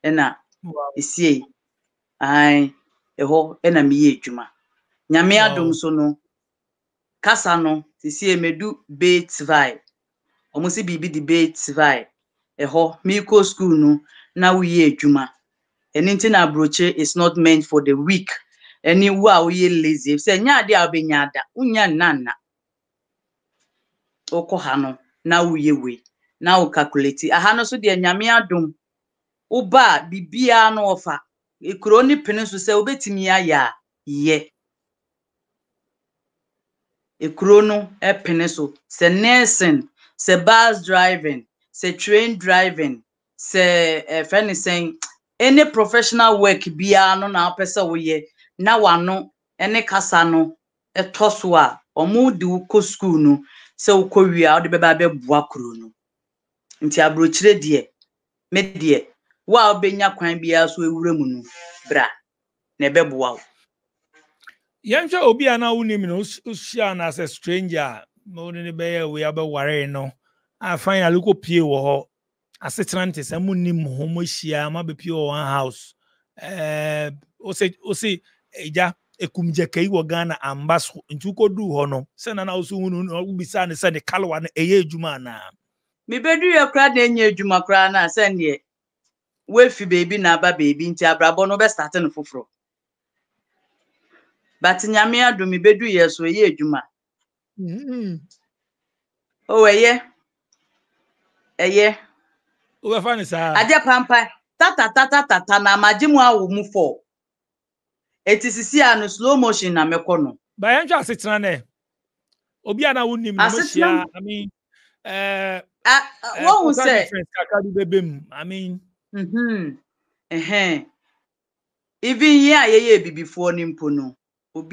ɛna ɛsiei ae ɛhɔ ɛna meyɛ adwuma nyame adom so no kasa no sesie medu bait vibe ɔmo sɛ biribi debate vibe ɛhɔ meekɔ school no na woyɛ adwuma ɛno nti na aburokye is not meant for the weak ɛne wo a woyɛ lazy sɛ nyɛ adeɛ a wobɛnya ada wonya nnanna wokɔ ha no na woyɛ wei na wo calculate aha no so deɛ nyame adom woba a biribiara no wɔfa kuro ne pene so sɛ wobɛtumi ayɛ a yɛ ekuro no ɛpene so sɛ nursing sɛ bus driving sɛ train driving sɛ ɛfɛ eh, ne sɛn any professional work biara no na apɛ sɛ woyɛ na wano ne kasa no ɛtɔ so a wɔn de wokɔ school no sɛ wokɔ wie a wɔde bɛba abɛboa kuro no nti aburokyire deɛ me deɛ wo a wobɛnya kwan biara so ewura mu no bra na ɛbɛboa wo. yɛnhwɛ obi a na wonim no wohyia no asɛ stranger a ma wode no bɛyɛ wei wobɛwaree no a final wokɔpie wɔ hɔ asetena nte sɛ monim ho moahyia moabɛpie wɔ one house wose eh, agya ekumgyɛkai wɔ ghana amba so nti wokɔduu hɔ no sɛna na woso hu no wobisa ne sɛ ne kalewa no ɛyɛ edwuma ana. mebɛduruyɛ koraa na ɛnyɛ adwuma koraa no a sɛneɛ woafi beebi na aba baabi nti abrabɔ no wobɛstate no foforɔ but nyame adom mebɛduruyɛ so ɛyɛ adwuma Mm. Oh, ɛyɛ. Ɛyɛ. Wobɛfa ne tatatatata na amagye mu mu fọ, Eti sisi na asetena Obi a na hyia. Eh, eh, bi mu. Mhm. mpo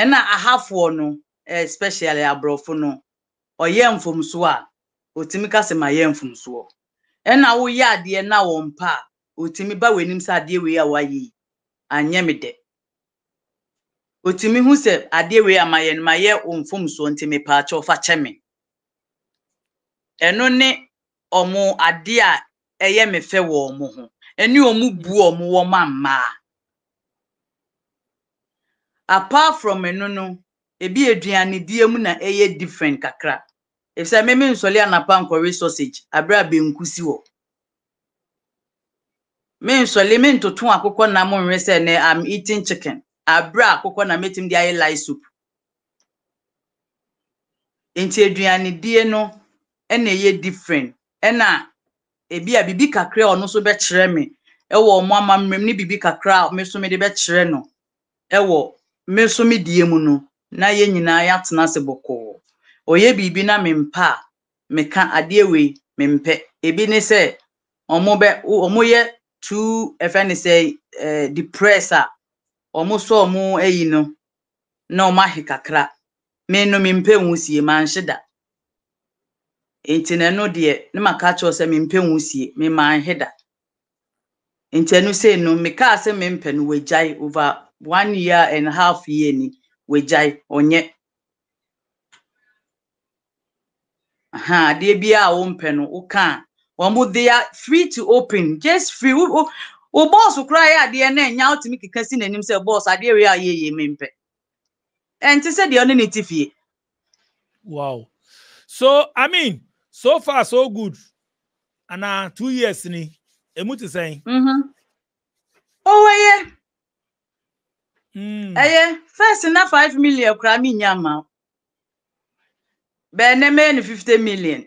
ɛna ahafoɔ no especially aborɔfo no ɔyɛ mfomsoɔ a otumi kasa ma yɛ mfomsoɔ ɛna woyɛ adeɛ na wɔn pa a otumi ba w'anim sɛ adeɛ wei a wayɛ yi anyɛ me dɛ otumi hu sɛ adeɛ wei a ma mayɛ no mayɛ mfomsoɔ nti mepaakyɛ ɔfa kyɛ me ɛno ne ɔmo adeɛ a ɛyɛ me fɛ wɔ ho ɛne wɔn bu wɔn wɔn mmaa. apart from ɛno no ebi aduane die mu na ɛyɛ different kakra efisɛ mímí nsɔle anapa nkɔwe sausage abere a benku si hɔ mí nsɔle mí ntoto akokɔ nam nwe sɛ ɛnɛ i'm eating chicken abere akokɔ na mɛtum de ayɛ light soup nti aduane die no ɛna ɛyɛ different ɛna ebi a bibi kakra ɔno nso bɛkyerɛ mi ɛwɔ ɔmo ama mu ne bibi kakra a ɔmo nso mi de bɛkyerɛ no ɛwɔ. me nso me die mu no na yɛn nyinaa yɛatena ase bɔkɔɔ ɔyɛ biribi na mempa a meka adeɛ wei mempɛ ebi ne sɛ ɔmo bɛ ɔmo yɛ too ɛfɛ ne sɛ ɛɛ depress a ɔmo so ɔmo ayi no na ɔmo ahe kakra me no mempɛ nwusie manhye da nti na ɛno deɛ ne ma ka kyerɛ sɛ mempɛ nwusie me manhe da nti ɛno sei no mekaa sɛ mempɛ no wagyae over one year and half year ni wagyae ɔnyɛ aha adeɛ biara a wɔmpɛ no woka a wɔn they are free to open just free wo wo bɔɔso koraa yɛ adeɛ ah, na ɛnya wotumi keka si n'anim sɛ bɔɔso adeɛ wei a yɛyɛ mempɛ ɛnte sɛ deɛ ɔne ne ti fie wow so i mean so far so good ana ah, two years ni emu ti sɛn. owó yẹ ɛyɛ hmm. first na five million koraa mi nya ma bɛn ne mɛ ne fifty million.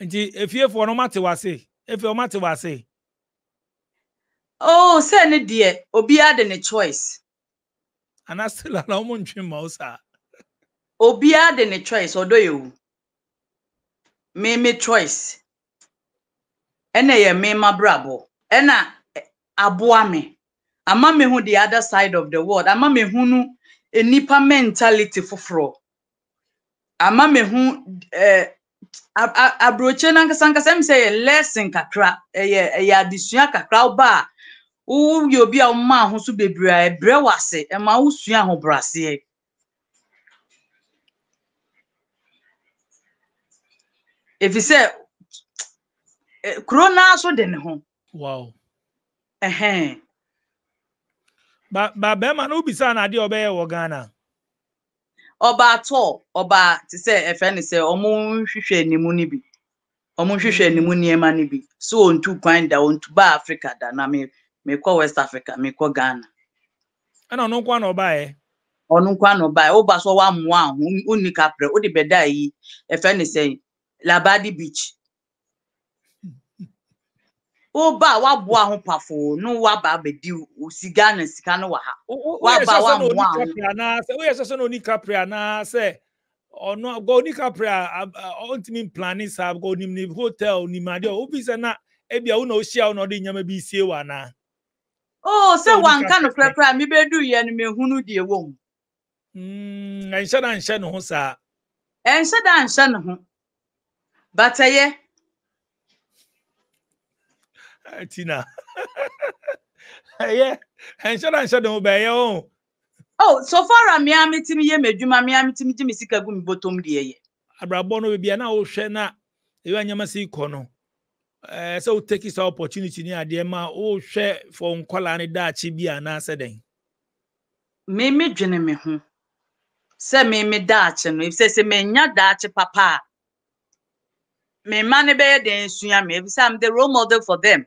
nti efiefoɔ no mate wase efi ɔmo ate wase. oo sɛ ne deɛ obiara de ne choice. ana still ana ɔmo ntwi ma o saa. obiara de ne choice ɔdɔ yɛ o mmemme choice ɛna yɛ mmemme abrabɔ ɛna eh, aboa me ama me hu the other side of the world ama me hu no nipa mentality foforɔ ama me hu eh, aburokye nankasa nkasa mi sɛ yɛ lesson kakra ɛyɛ ɛyɛ adesua kakra ba. a woyɛ obi a ma ahosuo bebree a ɛbrɛ w'ase ɛma wosua ahobraseɛ. efisɛ eh, kuro Corona so de ne ho. Wow. Ɛhɛn. ba ba bɛrima no wobisa na adeɛ ɔbɛyɛ wɔ ghana ɔba atɔ ɔba te sɛ ɛfɛ ne sɛ ɔmo nhwehwɛ anim no bi ɔmo nhwehwɛ anim nneɛma no bi so ontu kwan da ɔntu ba africa da na me mekɔ west africa mekɔ ghana ɛna ɔno nkwa ọba ɔbaeɛ ɔno nkwa na ɔbaeɛ woba so wammoa ho wonni kaprɛ wode bɛda yi ɛfɛ ne sɛ labadi beach woba a wabo aho pafo no waba abɛdi siga na sika no ha waba wamoa woyɛ na ɔni na anaasɛ ɔno gɔ ɔni kapre a ɔntumi mplane hotel nim adeɛ wobi sɛ na ebi wo na ohyia wo na ɔde nnyɛma bi sie na. anaa oh sɛ wanka no korakora a mebɛdu yɛ no mehunu hmm, ho da nsha ho tina ɛyɛ ɛnhyɛ na nhyɛ de ho bɛyɛ o. o so far I'm mmea mi ti mi yɛ m'adwuma mmea mi ti mi gye mi sika gu mi bɔtɔ mu deɛ yɛ. abrabɔ no beebi um. a na wohwɛ na ewa nneɛma si kɔ no take sa opportunity ni adeɛ ma o hwɛ fɔ nkɔla ne daakye bi a na asɛ dɛn. mímí dwene mi ho sɛ mímí daakye no efisɛ sɛ mɛnya daakye papa a mímá ne bɛyɛ den sua i'm the role model for them.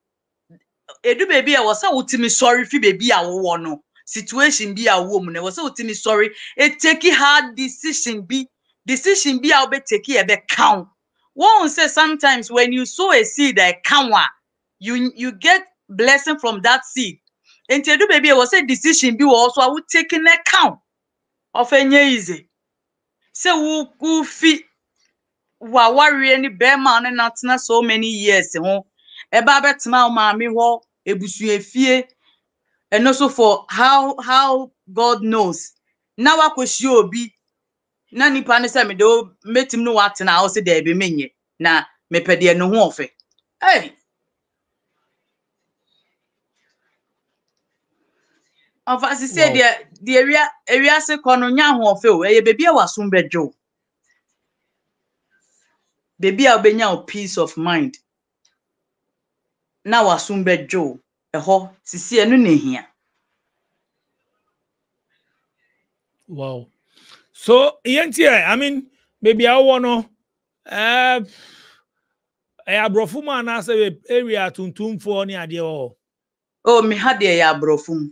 edu beebi a wɔsɛ wotumi sɔre fi beebi a wowɔ no situation bi a wowɔ mu na wɔsɛ wotumi sɔre eteki hard decision bi decision bi a wobɛteki ɛbɛ count wɔn sɛ sometimes when you sow a seed a count a you you get blessing from that seed nti edu beebi a wɔsɛ decision bi wɔ hɔ so a woteki na count ɔfɛ nye easy sɛ wo wo fi wawareɛ ne bɛrima ne natena so many years ho ɛba bɛtena wo maame hɔ ebusuafie and also for how how god knows na wakɔhyia obi na nipa no sɛ mede mɛtim no watena hɔ sɛ daabi menyɛ na mepɛ deɛ ne ho ɔfɛ ei ɔfa se sɛ deɛ deɛ ewiase kɔ no nya ahoɔfɛ o ɛyɛ baabi a wasom bɛdwo baabi a wobɛnya wo peace of mind na w'asom bɛdwo wo ɛhɔ sisi ɛno na ehia. wow so yɛn ti yɛ e, i mean baabi eh, eh, oh, a wɔwɔ no ɛɛ ɛyɛ aborɔfo mu anaasɛ area tuntumfoɔ ne adeɛ wɔ hɔ. o mi ha deɛ yɛ aborɔfo mu.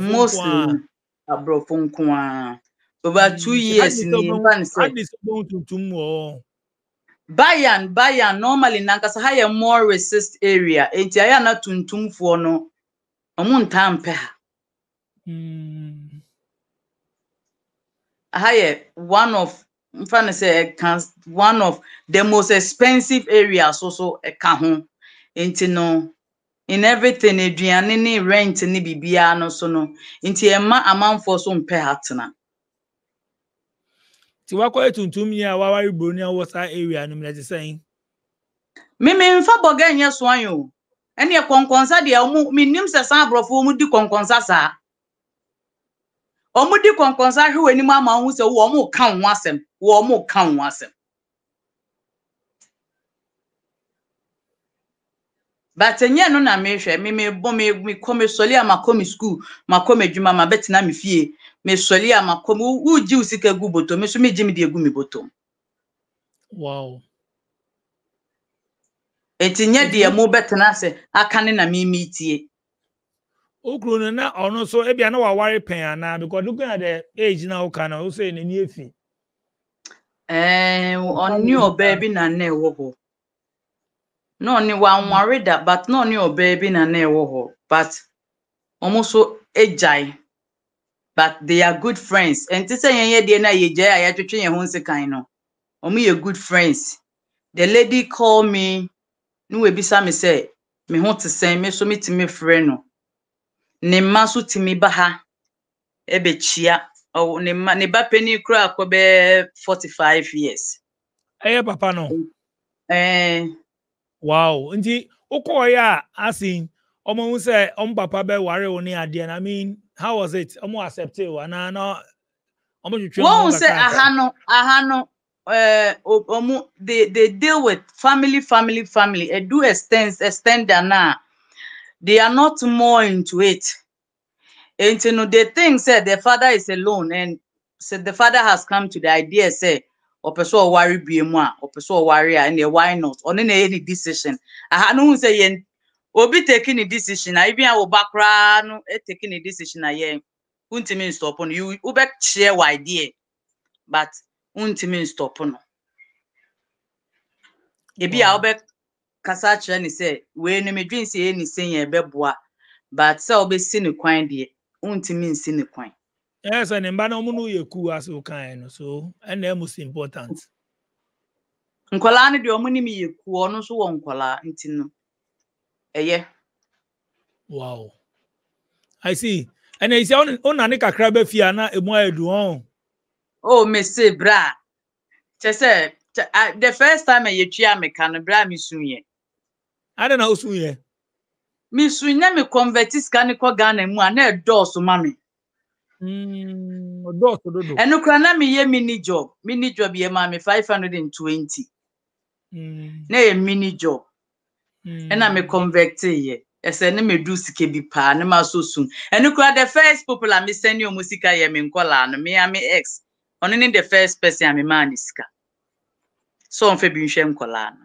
mostly aborɔfo nko ara over hmm, two years ni nfa nisɛ. adi sɛ bɔn bayan bayan normally nankasa ha yɛ more resist area nti ayɛ na tuntumfoɔ no ɔmo ntaa mpɛ ha hmm. ha yɛ one of mfa ne sɛ ɛka one of the most expensive area so so ɛka ho nti no in everything aduane ne rent ne biribiara no so no nti ɛma amanfoɔ so mpɛ ha tena nti wakɔyɛ tuntum yi a wawari buroni a wɔwɔ area no mu na ɛte sɛn. mímí nfa bɔgɛ nyɛ soan o ɛni yɛ kɔnkɔnsa deɛ ɔmo mi nim sɛ san aborɔfo ɔmo di kɔnkɔnsa saa ɔmo di kɔnkɔnsa ahwɛ wɔn anim ama ɔmo sɛ wɔ ɔmo kan wɔn asɛm wɔ ɔmo kan wɔn asɛm. but ɛnyɛ no na mehwɛ mímí bɔ mi kɔ mi sɔli a ma kɔ mi sukuu ma kɔ mi adwuma ma bɛ tena mi fie. mesɔli ama kɔmi wugye usika gu bɔtɔ mi so megye mi de egu mi wow eti nye deɛ mo aka ne na mimi tie okuru no na ɔno a na waware pɛn anaa because looking at na ɔka na ɔsɛ n'ani efi ɔne ɔbaa na hɔ na ɔne but na ɔne ɔbaa na but egyae. but they are good friends and ti sɛ yɛn yɛ deɛ na yɛ gya a yɛatwitwe yɛn ho nsekan no wɔn yɛ good friends the lady called me No, wo ebisa mi me want to sɛn me so me ti mi frɛ no ne mma nso ti baha ebe chia ɛbɛkyia ne ma ne ba panyin kura akɔ bɛɛ forty five years. ɛyɛ papa no. Eh. wow nti okɔɔ yɛ a asin ɔmo n sɛ papa be ware wo ne na i mean. how was it? Omo accept you and na omo you Wọ́n sẹ́ I know. ọmọ they they deal with family family family They do extend extend their now they are not more into it And you know, they think say the father is alone and said the father has come to the idea say or sọ ọwari bie mu a ọpẹ sọ ọwari why not ọne any decision. I had no say yẹn obi taking decision i been a bakra no e taking na decision i am untimi stop no you ube share but untimi stop no ebi a obe kasa kyerɛ eh, ne sɛ wei no medwen but sɛ wobɛsi ne kwan deɛ wontumi nsi ne kwan ɛɛ sɛ mba no no no so important ɛyɛ. wow i see ɛna esi ɔnani kakra bɛ fi ana emu ayɛ du hɔn. o oh, mese bra kyɛ sɛ the first time ɛyɛ tia mi ka no bra mi sun yɛ. adi na o sun yɛ. mi sun yɛ mi kɔnvɛti sika ni kɔ ghana mu a na ɛdɔɔso ma mi. Hmm, ɔdɔɔso dodo. ɛnukura na mi yɛ mini job mini job yɛ maa mi five hundred and twenty. Hmm. na yɛ mini job. Mm. ɛna me convecte yɛ ɛsɛ ne medu sike bi paa ne ma so sum ɛno kura the first popular me sɛne ɔmo sika yɛ me nkɔlaa no mea me ex ɔno ne the first person a me maa ne sika so ɔmfɛ bi nhwɛ nkɔlaa no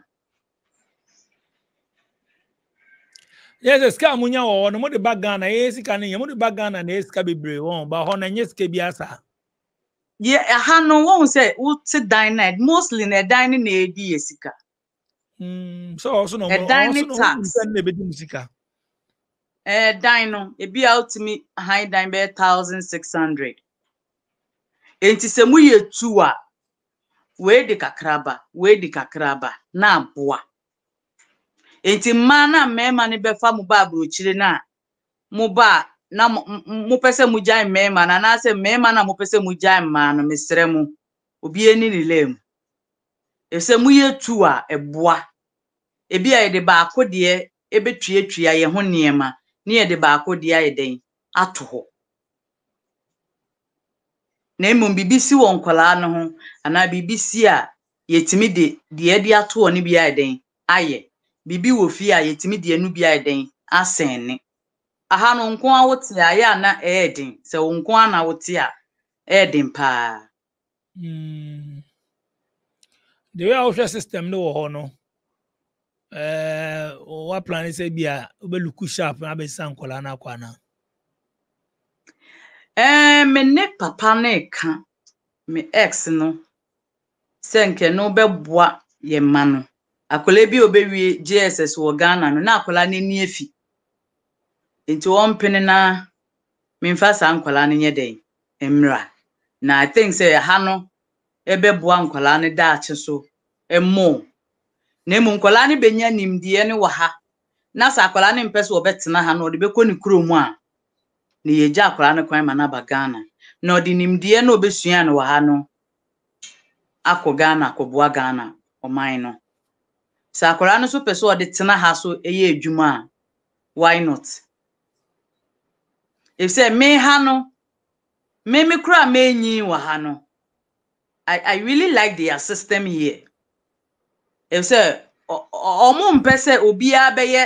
yes sika mu nya wɔ no mo de ba Ghana yɛ sika ne yɛ mo de ba Ghana na yɛ sika bebree wɔn ba hɔ na nyɛ sika bi asa yɛ ɛha no wɔn sɛ wote dan na mostly na ɛdan ne na edi yɛ sika. Mm, sɛ ɔso na ɔbɛdi sika dan no ebi a wotumi han dan bɛyɛ thousand six hundred nti sɛ moyɛ two a wee di kakraba wee di kakraba na boa. nti mmaa na mmarima no bɛfa mo ba aburokyire na Muba ba na mopɛ sɛ mogyae mmarima no anaasɛ mmarima na mopɛ sɛ mogyae mmaa no mesrɛ mo obi ani ne lam ɛsɛ moyɛ tu a ɛboa ebi a yɛde baako deɛ ɛbɛtuatua yɛn ho nneɛma na yɛde baako deɛ ayɛ dɛn ato hɔ na mmom biribi si wɔ nkwadaa no ho anaa biribi si a yɛtumi de deɛ de ato hɔ no bi ayɛ dɛn ayɛ biribi wɔ fie a yɛtumi deɛ no bi ayɛ dɛn asɛn ne aha no nko a wote a yɛ a na ɛyɛ den sɛ wo nko a na wote a ɛyɛ den paa. Mm. the way a wohwɛ system no wɔ hɔ no. ɛɛ eh, wa plan sɛ bia wobɛluku sharp na bɛsisa nkɔlaa no eh, akɔ anaa ɛɛ me ne papa ne ka me ex no sɛ nkɛ no bɛboa yɛ ma no akwadaa bi a ɔbɛwie gss wɔ ghana no na akwadaa no ani afi nti wɔn na memfa saa nkwadaa no nyɛ dɛn mmra na i think sɛ ha no ɛbɛboa e nkwadaa no daakye so ɛmoo e na mmom nkwadaa no bɛnya nimdeɛ no wɔ ha na sɛ akwadaa no mpɛ sɛ wɔbɛtena ha na ɔde bɛkɔ ne kurom a na yɛgya akwadaa no kwan ma no aba ghana na ɔde nimdeɛ na ɔbɛsua no wɔ ha no akɔ ghana akɔboa ghana ɔman no sɛ akwadaa no nso pɛ sɛ ɔde tena ha so ɛyɛ adwuma a why not efisɛ me ha no me me kura me enyi wɔ ha no i i really like their system here. sɛ ɔmo mpɛ sɛ obiara bɛyɛ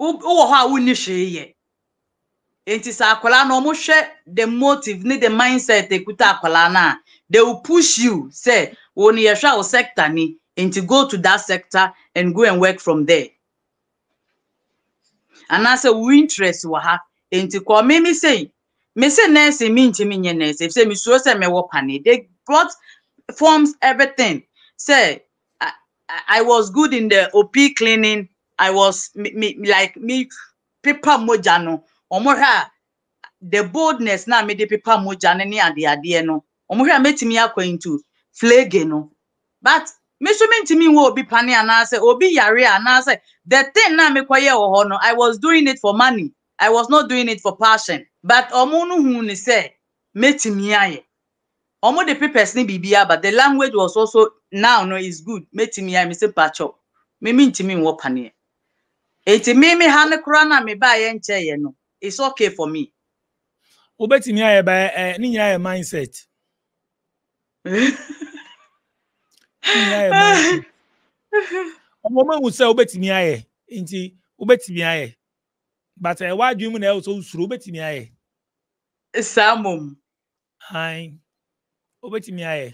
wowɔ hɔ a wonni hwee yɛ nti sɛ akwadaa no ɔmo hwɛ the motive ne the mindset ekuta akwadaa no a they will push you sɛ wɔn yɛhwɛ a wɔ sector ni nti go to that sector and go and work from there anaasɛ wo interest wɔ ha nti kɔ mímí sɛn mísɛ nɛɛsi mi ntumi nyɛ nɛɛsi efisɛ mi suro sɛ mi wɔ pani they brought forms everything say I, I was good in the OP cleaning. I was me, me like me paper moja no. Omo ha the boldness na me the paper moja ne ni ade ade no. Omo ha metimi akwa into flage no. But me so mentimi wo obi pane anase obi yare anase the thing na me kwaye wo no. I was doing it for money. I was not doing it for passion. But omo no hu ni say metimi aye ọmụ dị papers ni biribi ya but the language was also now no is good metimi ya mesi pachọ mimi ntimi nwọ paneɛ eti mimi e ha ne koraa na meba ayɛ nkyɛn yɛ no it's okay for me. wobɛtumi ayɛ ba ɛ eh, ne nyinaa yɛ mindset. ọmọ ọmọ ehu sẹ wobɛtumi ayɛ nti wobɛtumi ayɛ but ɛwɔ adwuma mu na ɛwɔ sɛ wosoro wobɛtumi ayɛ. saa mom. obetumi ayɛ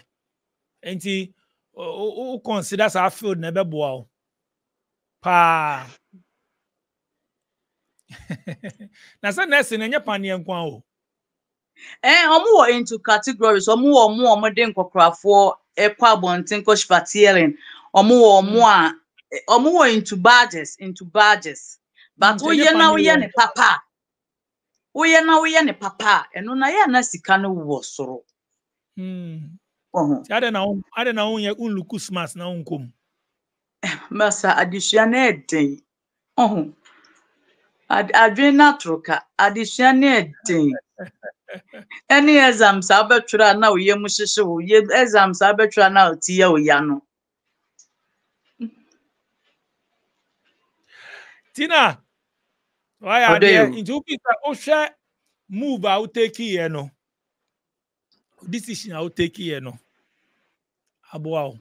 nti wo consider saa field na ɛbɛboa wo paa na sɛ nɛɛse no ɛnyɛ paneɛ nko a o ɛn ɔmo wɔ into categories ɔmo wɔ ɔmo ɔmo de nkɔkorafoɔ ɛkɔ abɔnten kɔ shpatielin ɔmo wɔ ɔmo a ɔmo wɔ into badges into badges but woyɛ na woyɛ ne papa woyɛ na woyɛ ne papa ɛno na yɛ na sika no wɔ soro. Ade na onye na kusmas na m. masa adisua na eden ohun adwe na troka adisua na eden any exams abetwara na oye mu hyehye wo ye exams abetwara na otiye oya no tina why are there into pizza o share move out take here no decision a woteki yɛ no aboa wo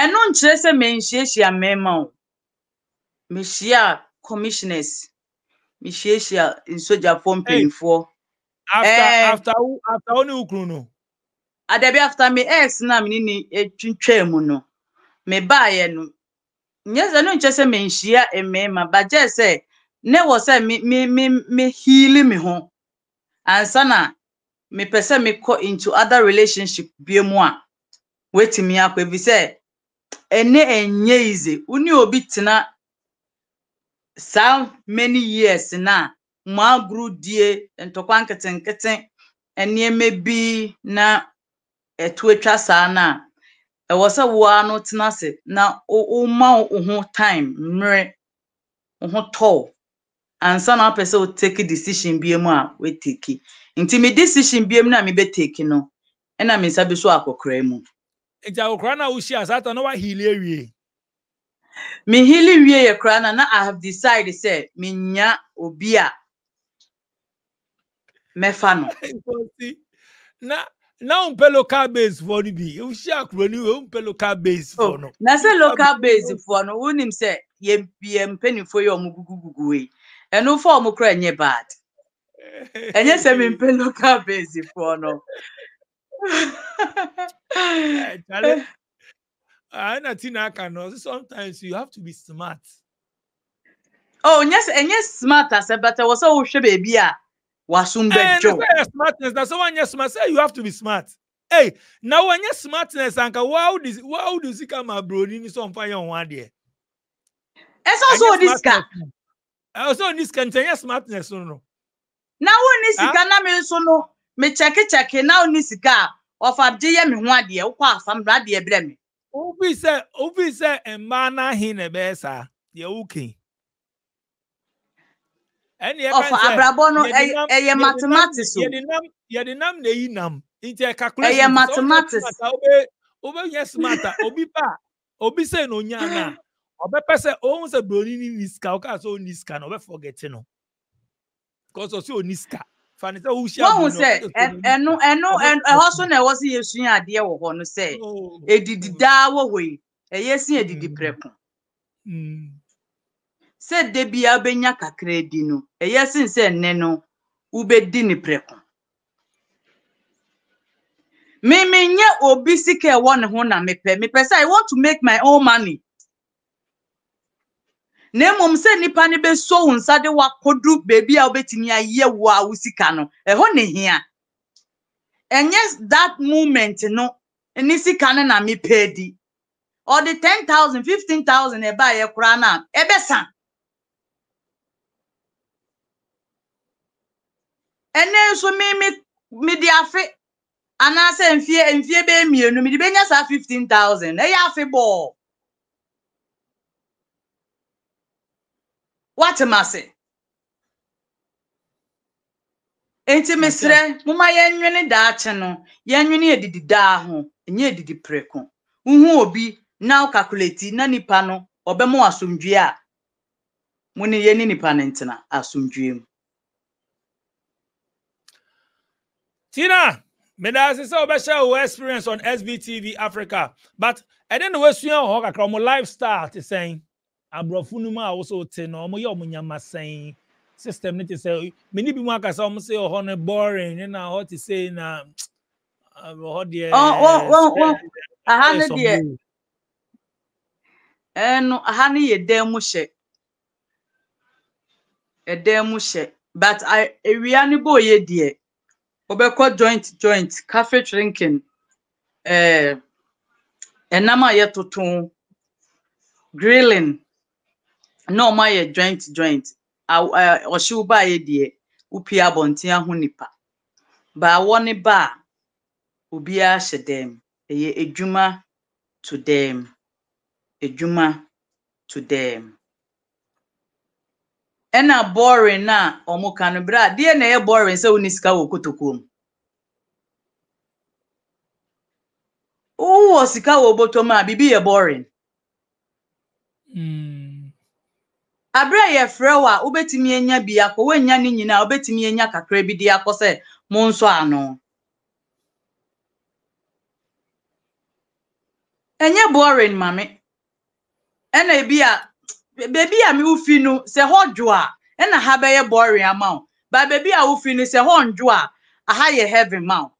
ɛno nkyerɛ sɛ menhyiahyia mmarima o mehyia commissioners mehyiahyia nsogyafoɔ mpanimfoɔ after wo ne wo kunu no adabi after me ɛɛs no me mene ne ɛtwintwaa mu no mebaeɛ no nyɛ sɛ no nkyɛ sɛ menhyia mmarima bagye sɛ ne wɔ sɛ me me me me healing me ho ansa na mepɛ sɛ mekɔ into other relationship bia mu a wetumi akɔ ebi sɛ ɛne ɛnyɛ ize wone obi tena saa many years na mo agoro die ntɔkwa nketenkete nneɛma bi na ɛto atwa saa na a ɛwɔ sɛ woa no tena ase na woma wo ho time mmerɛ wo ho tɔw ansa na wapɛ sɛ wotake decision bia mu a weteki nti me decision biem na me betake no ɛna me nsa bi so akɔkora mu nti akɔkora na wosi asata na wahili awie me hili wie yɛ kora na na i have decided sɛ menya obi a mɛfa no na na mpɛ local base foɔ no bi wosi akora ni wo mpɛ local base foɔ no oh, na sɛ local base foɔ no wonim sɛ yɛ yɛ mpanyinfoɔ yɛ ɔmo gugugugu yi ɛno fɔ ɔmo kora nyɛ bad enye sɛ mempɛ local basefoɔ no ɛna eh, ti na aka no sometimes you have to be smart oh nyɛ sɛ enye smart asɛ bɛtɛ wɔ e sɛ wohwɛ baabi a wasom bɛdwo eh, smartness na sɛ woanyɛ smart sɛ you have to be smart Hey, na wɔnyɛ smartness anka woawode sika ma broni ni sɛ ɔmfa yɛ ho adeɛ ɛsɛ sɛ ɔdi sika ɛsɛ ɔdi sika ntɛnyɛ smartness no no na wonni sika na me nso no me kyɛke kyɛke na wonni sika ofa ɔfa gye yɛ me ho adeɛ wokɔ afamra adeɛ brɛ me wofi sɛ wofi sɛ mmaa no ahe na ɛbɛyɛ saa deɛ woke ɛne ɛka sɛ abrabɔ no ɛyɛ mathematics o yɛde nam yɛde nam na eyi nam nti ɛcalculation ɛyɛ mathematics wobɛ wobɛnyɛ smarter obi pa obi sɛ na onya na ɔbɛpɛ sɛ ohun sɛ buroni ni ni sika ɔka sɛ onni sika na ɔbɛfɔ gɛte no kɔsɔ si oni sika fanisa o si abu n'o to to ni. ɛnu ɛnu ɛhɔ so na ɛwɔ si yɛ sun adeɛ wɔ hɔ no sɛ edidi daa wɔ hɔ yi ɛyɛ si edidi pɛrɛko sɛ debi a bɛnya kakra di no ɛyɛ si sɛ nne no di ni pɛrɛko mímí nye obi sika ɛwɔ ne ho na mepɛ mepɛ sɛ i want to make my own money na mmom sɛ nipa ne bɛso wo nsa de wakɔdu baabi a wobɛtumi ayɛ wo a wo sika no ɛhɔ ne hia ɛnyɛ that moment no ne sika no na mepɛ di ɔde ten thousand fifteen thousand ɛbaayɛ koraa no a ɛbɛsa ɛnɛ nso mimi mede afe anaasɛ mfie mfie bɛyɛ mmienu mede bɛnya saa fifteen thousand ɛyɛ afe bɔɔ watịmasị entimisire muma yenwene daachinu yenwene edidi daahu enye edidi preku uhu obi na ukakuleti na nipa no ọbẹmu asomdwe a mu ne yɛ ne nipa no ntena asomdwe mu tina mede ase sɛ wobɛhyɛ wo experience on sbtv africa but ɛde ne wasua wɔ hɔ kakra ɔmo lifestyle te sɛn aborɔfo no mu a wɔso te no ɔmo yɛ ɔmo nyamasɛn system no te sɛ mene bi mu akasa ɔmo sɛ ɔhɔ no boring ne na ɔhɔ te sɛ na ɔhɔ deɛ aha no deɛ ɛno aha no yɛ dan mu hyɛ ɛdan mu hyɛ but awia no bɛ oyɛ deɛ wɔbɛkɔ joint joint cafe drinking ɛɛ ɛnam a yɛ grilling. na ɔma yɛ joint joint ɔhye wo baa yɛ deɛ wopie abɔnten aho nipa baawɔ ne baa a obiara hyɛ dan mu ɛyɛ adwuma to dan mu adwuma to dan mu ɛna boring na ɔmo ka no bere a deɛ na ɛyɛ boring sɛ wonni sika wɔ kotokuo mu wowɔ sika wɔ bɔtɔ mu a biribi yɛ boring. Mm. aberɛ a yɛfrɛ a wobɛtumi anya ka akɔ woanya no nyina wobɛtumi kakra bi de akɔ sɛ mo nsɔ ano ɛnyɛ boring mame ɛna ebi a beebi a wofi no sɛ hɔ dwo a ɛna ha bɛyɛ boring ama wo ba beebi a wofi no sɛ hɔ ndwo a aha yɛ ma wo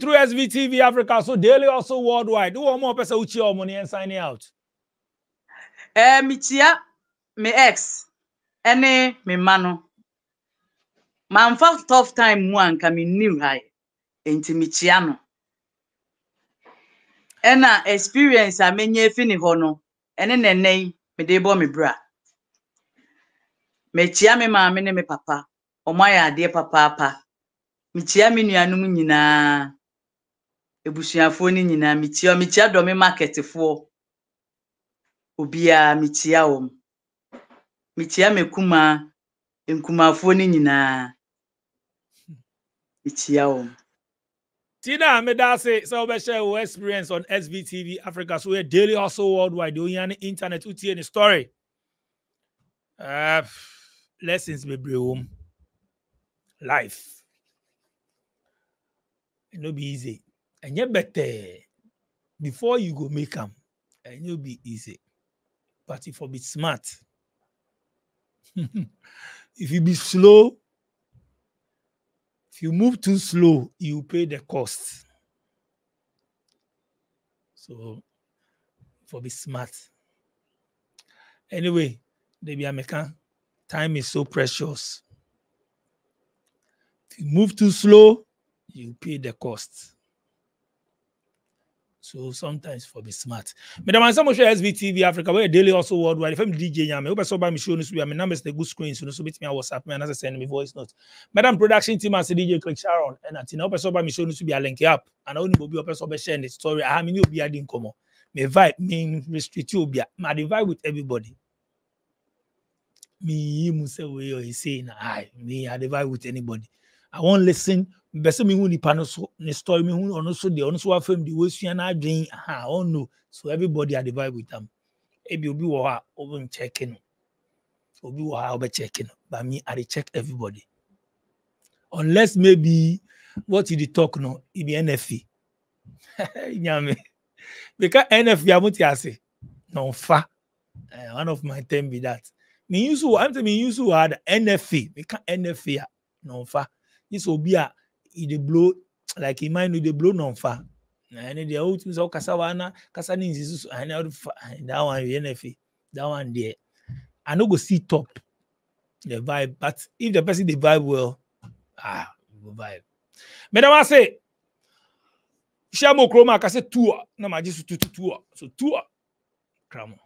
through SVTV Africa so daily eh, mitia me ex ɛne me ma no mamfa tough time mu a nka mennim hae enti mekyia no ɛna experience a menya fi ne hɔ no ɛne nɛnɛ yi mede bɔ me bra mekyia me maame ne me papa ɔmo ayɛ adeɛ papaapa mekyia me nuanom nyinaa ebusuafoɔ no nyinaa mekyia mekyia dɔme marketfoɔ obiara mekyia wɔn mekyia me kuma nkumafoɔ no nyinaa mekyia wɔn Tina, me da say so be share your experience on SBTV Africa. So we're daily hustle worldwide. The only internet uti any story. Uh, lessons be home. Life. It no be easy. And yet better before you go make them. And you'll be easy. but if you be smart, if you be slow, if you move too slow, you pay the cost. So, for be smart. Anyway, Debbie Ameka, time is so precious. If you move too slow, you pay the cost. So sometimes for be smart. Madam Ansamu show SVTV Africa, where daily also worldwide. If I'm DJ Yam, I hope I saw by me show this. My numbers the good screens. so no submit me on WhatsApp, me and as I send me voice notes, Madam production team as DJ Click Sharon, and I think I hope I saw by me show this. Be a link up, and I only will be up so sharing the story. I mean, you'll be adding come on. Me vibe, me restrict you be my vibe with everybody. Me, you must say, we are saying, I me, I divide with anybody. I won't listen bɛsɛ mehu nipa no so ne story mehu ɔno so deɛ ɔno so wafam deɛ wasua no adwen ha ɔno so everybody are the bible tam ebi obi wɔ hɔ a ɔbɛnkyɛke no obi wɔ hɔ a ɔbɛkyɛke no but me i dey check everybody unless maybe what you dey talk no e be NFE. nyame because NFE a mo ti ase na nfa eh, one of my term be that me use wo i'm telling you me use wo hard nfa because NFE a na nfa yi sɛ obi a. e dey blow like in mind e dey blow and the oh, whole thing is all cassava na cassava is this and that one the NFA that one there I know go see top the vibe but if the person the vibe well ah go vibe madam I say Shamo Chroma I say two na ma just two two so two Cramo.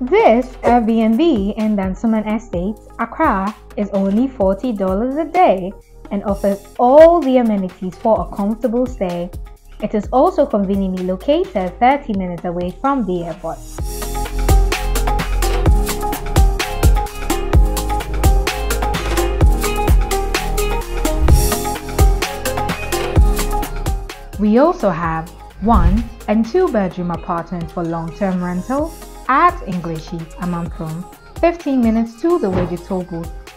This Airbnb in Dansuman Estates, Accra, is only $40 a day and offers all the amenities for a comfortable stay. It is also conveniently located 30 minutes away from the airport. We also have one and two bedroom apartments for long-term rental at Englishi Amamprom, 15 minutes to the Wejitobu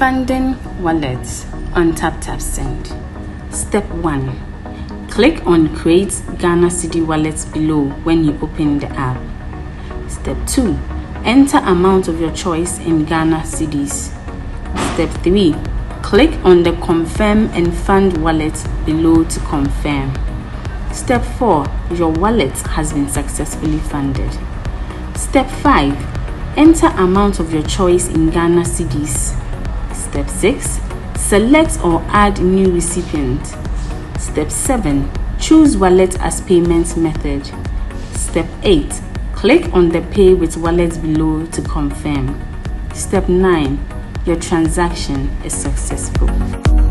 Funding wallets on TapTapSend. Step 1. Click on Create Ghana City Wallets below when you open the app. Step 2. Enter amount of your choice in Ghana cities. Step 3. Click on the Confirm and Fund wallet below to confirm. Step 4. Your wallet has been successfully funded. Step 5. Enter amount of your choice in Ghana cities. Step 6. Select or add new recipient. Step 7. Choose wallet as payment method. Step 8. Click on the pay with wallet below to confirm. Step 9. Your transaction is successful.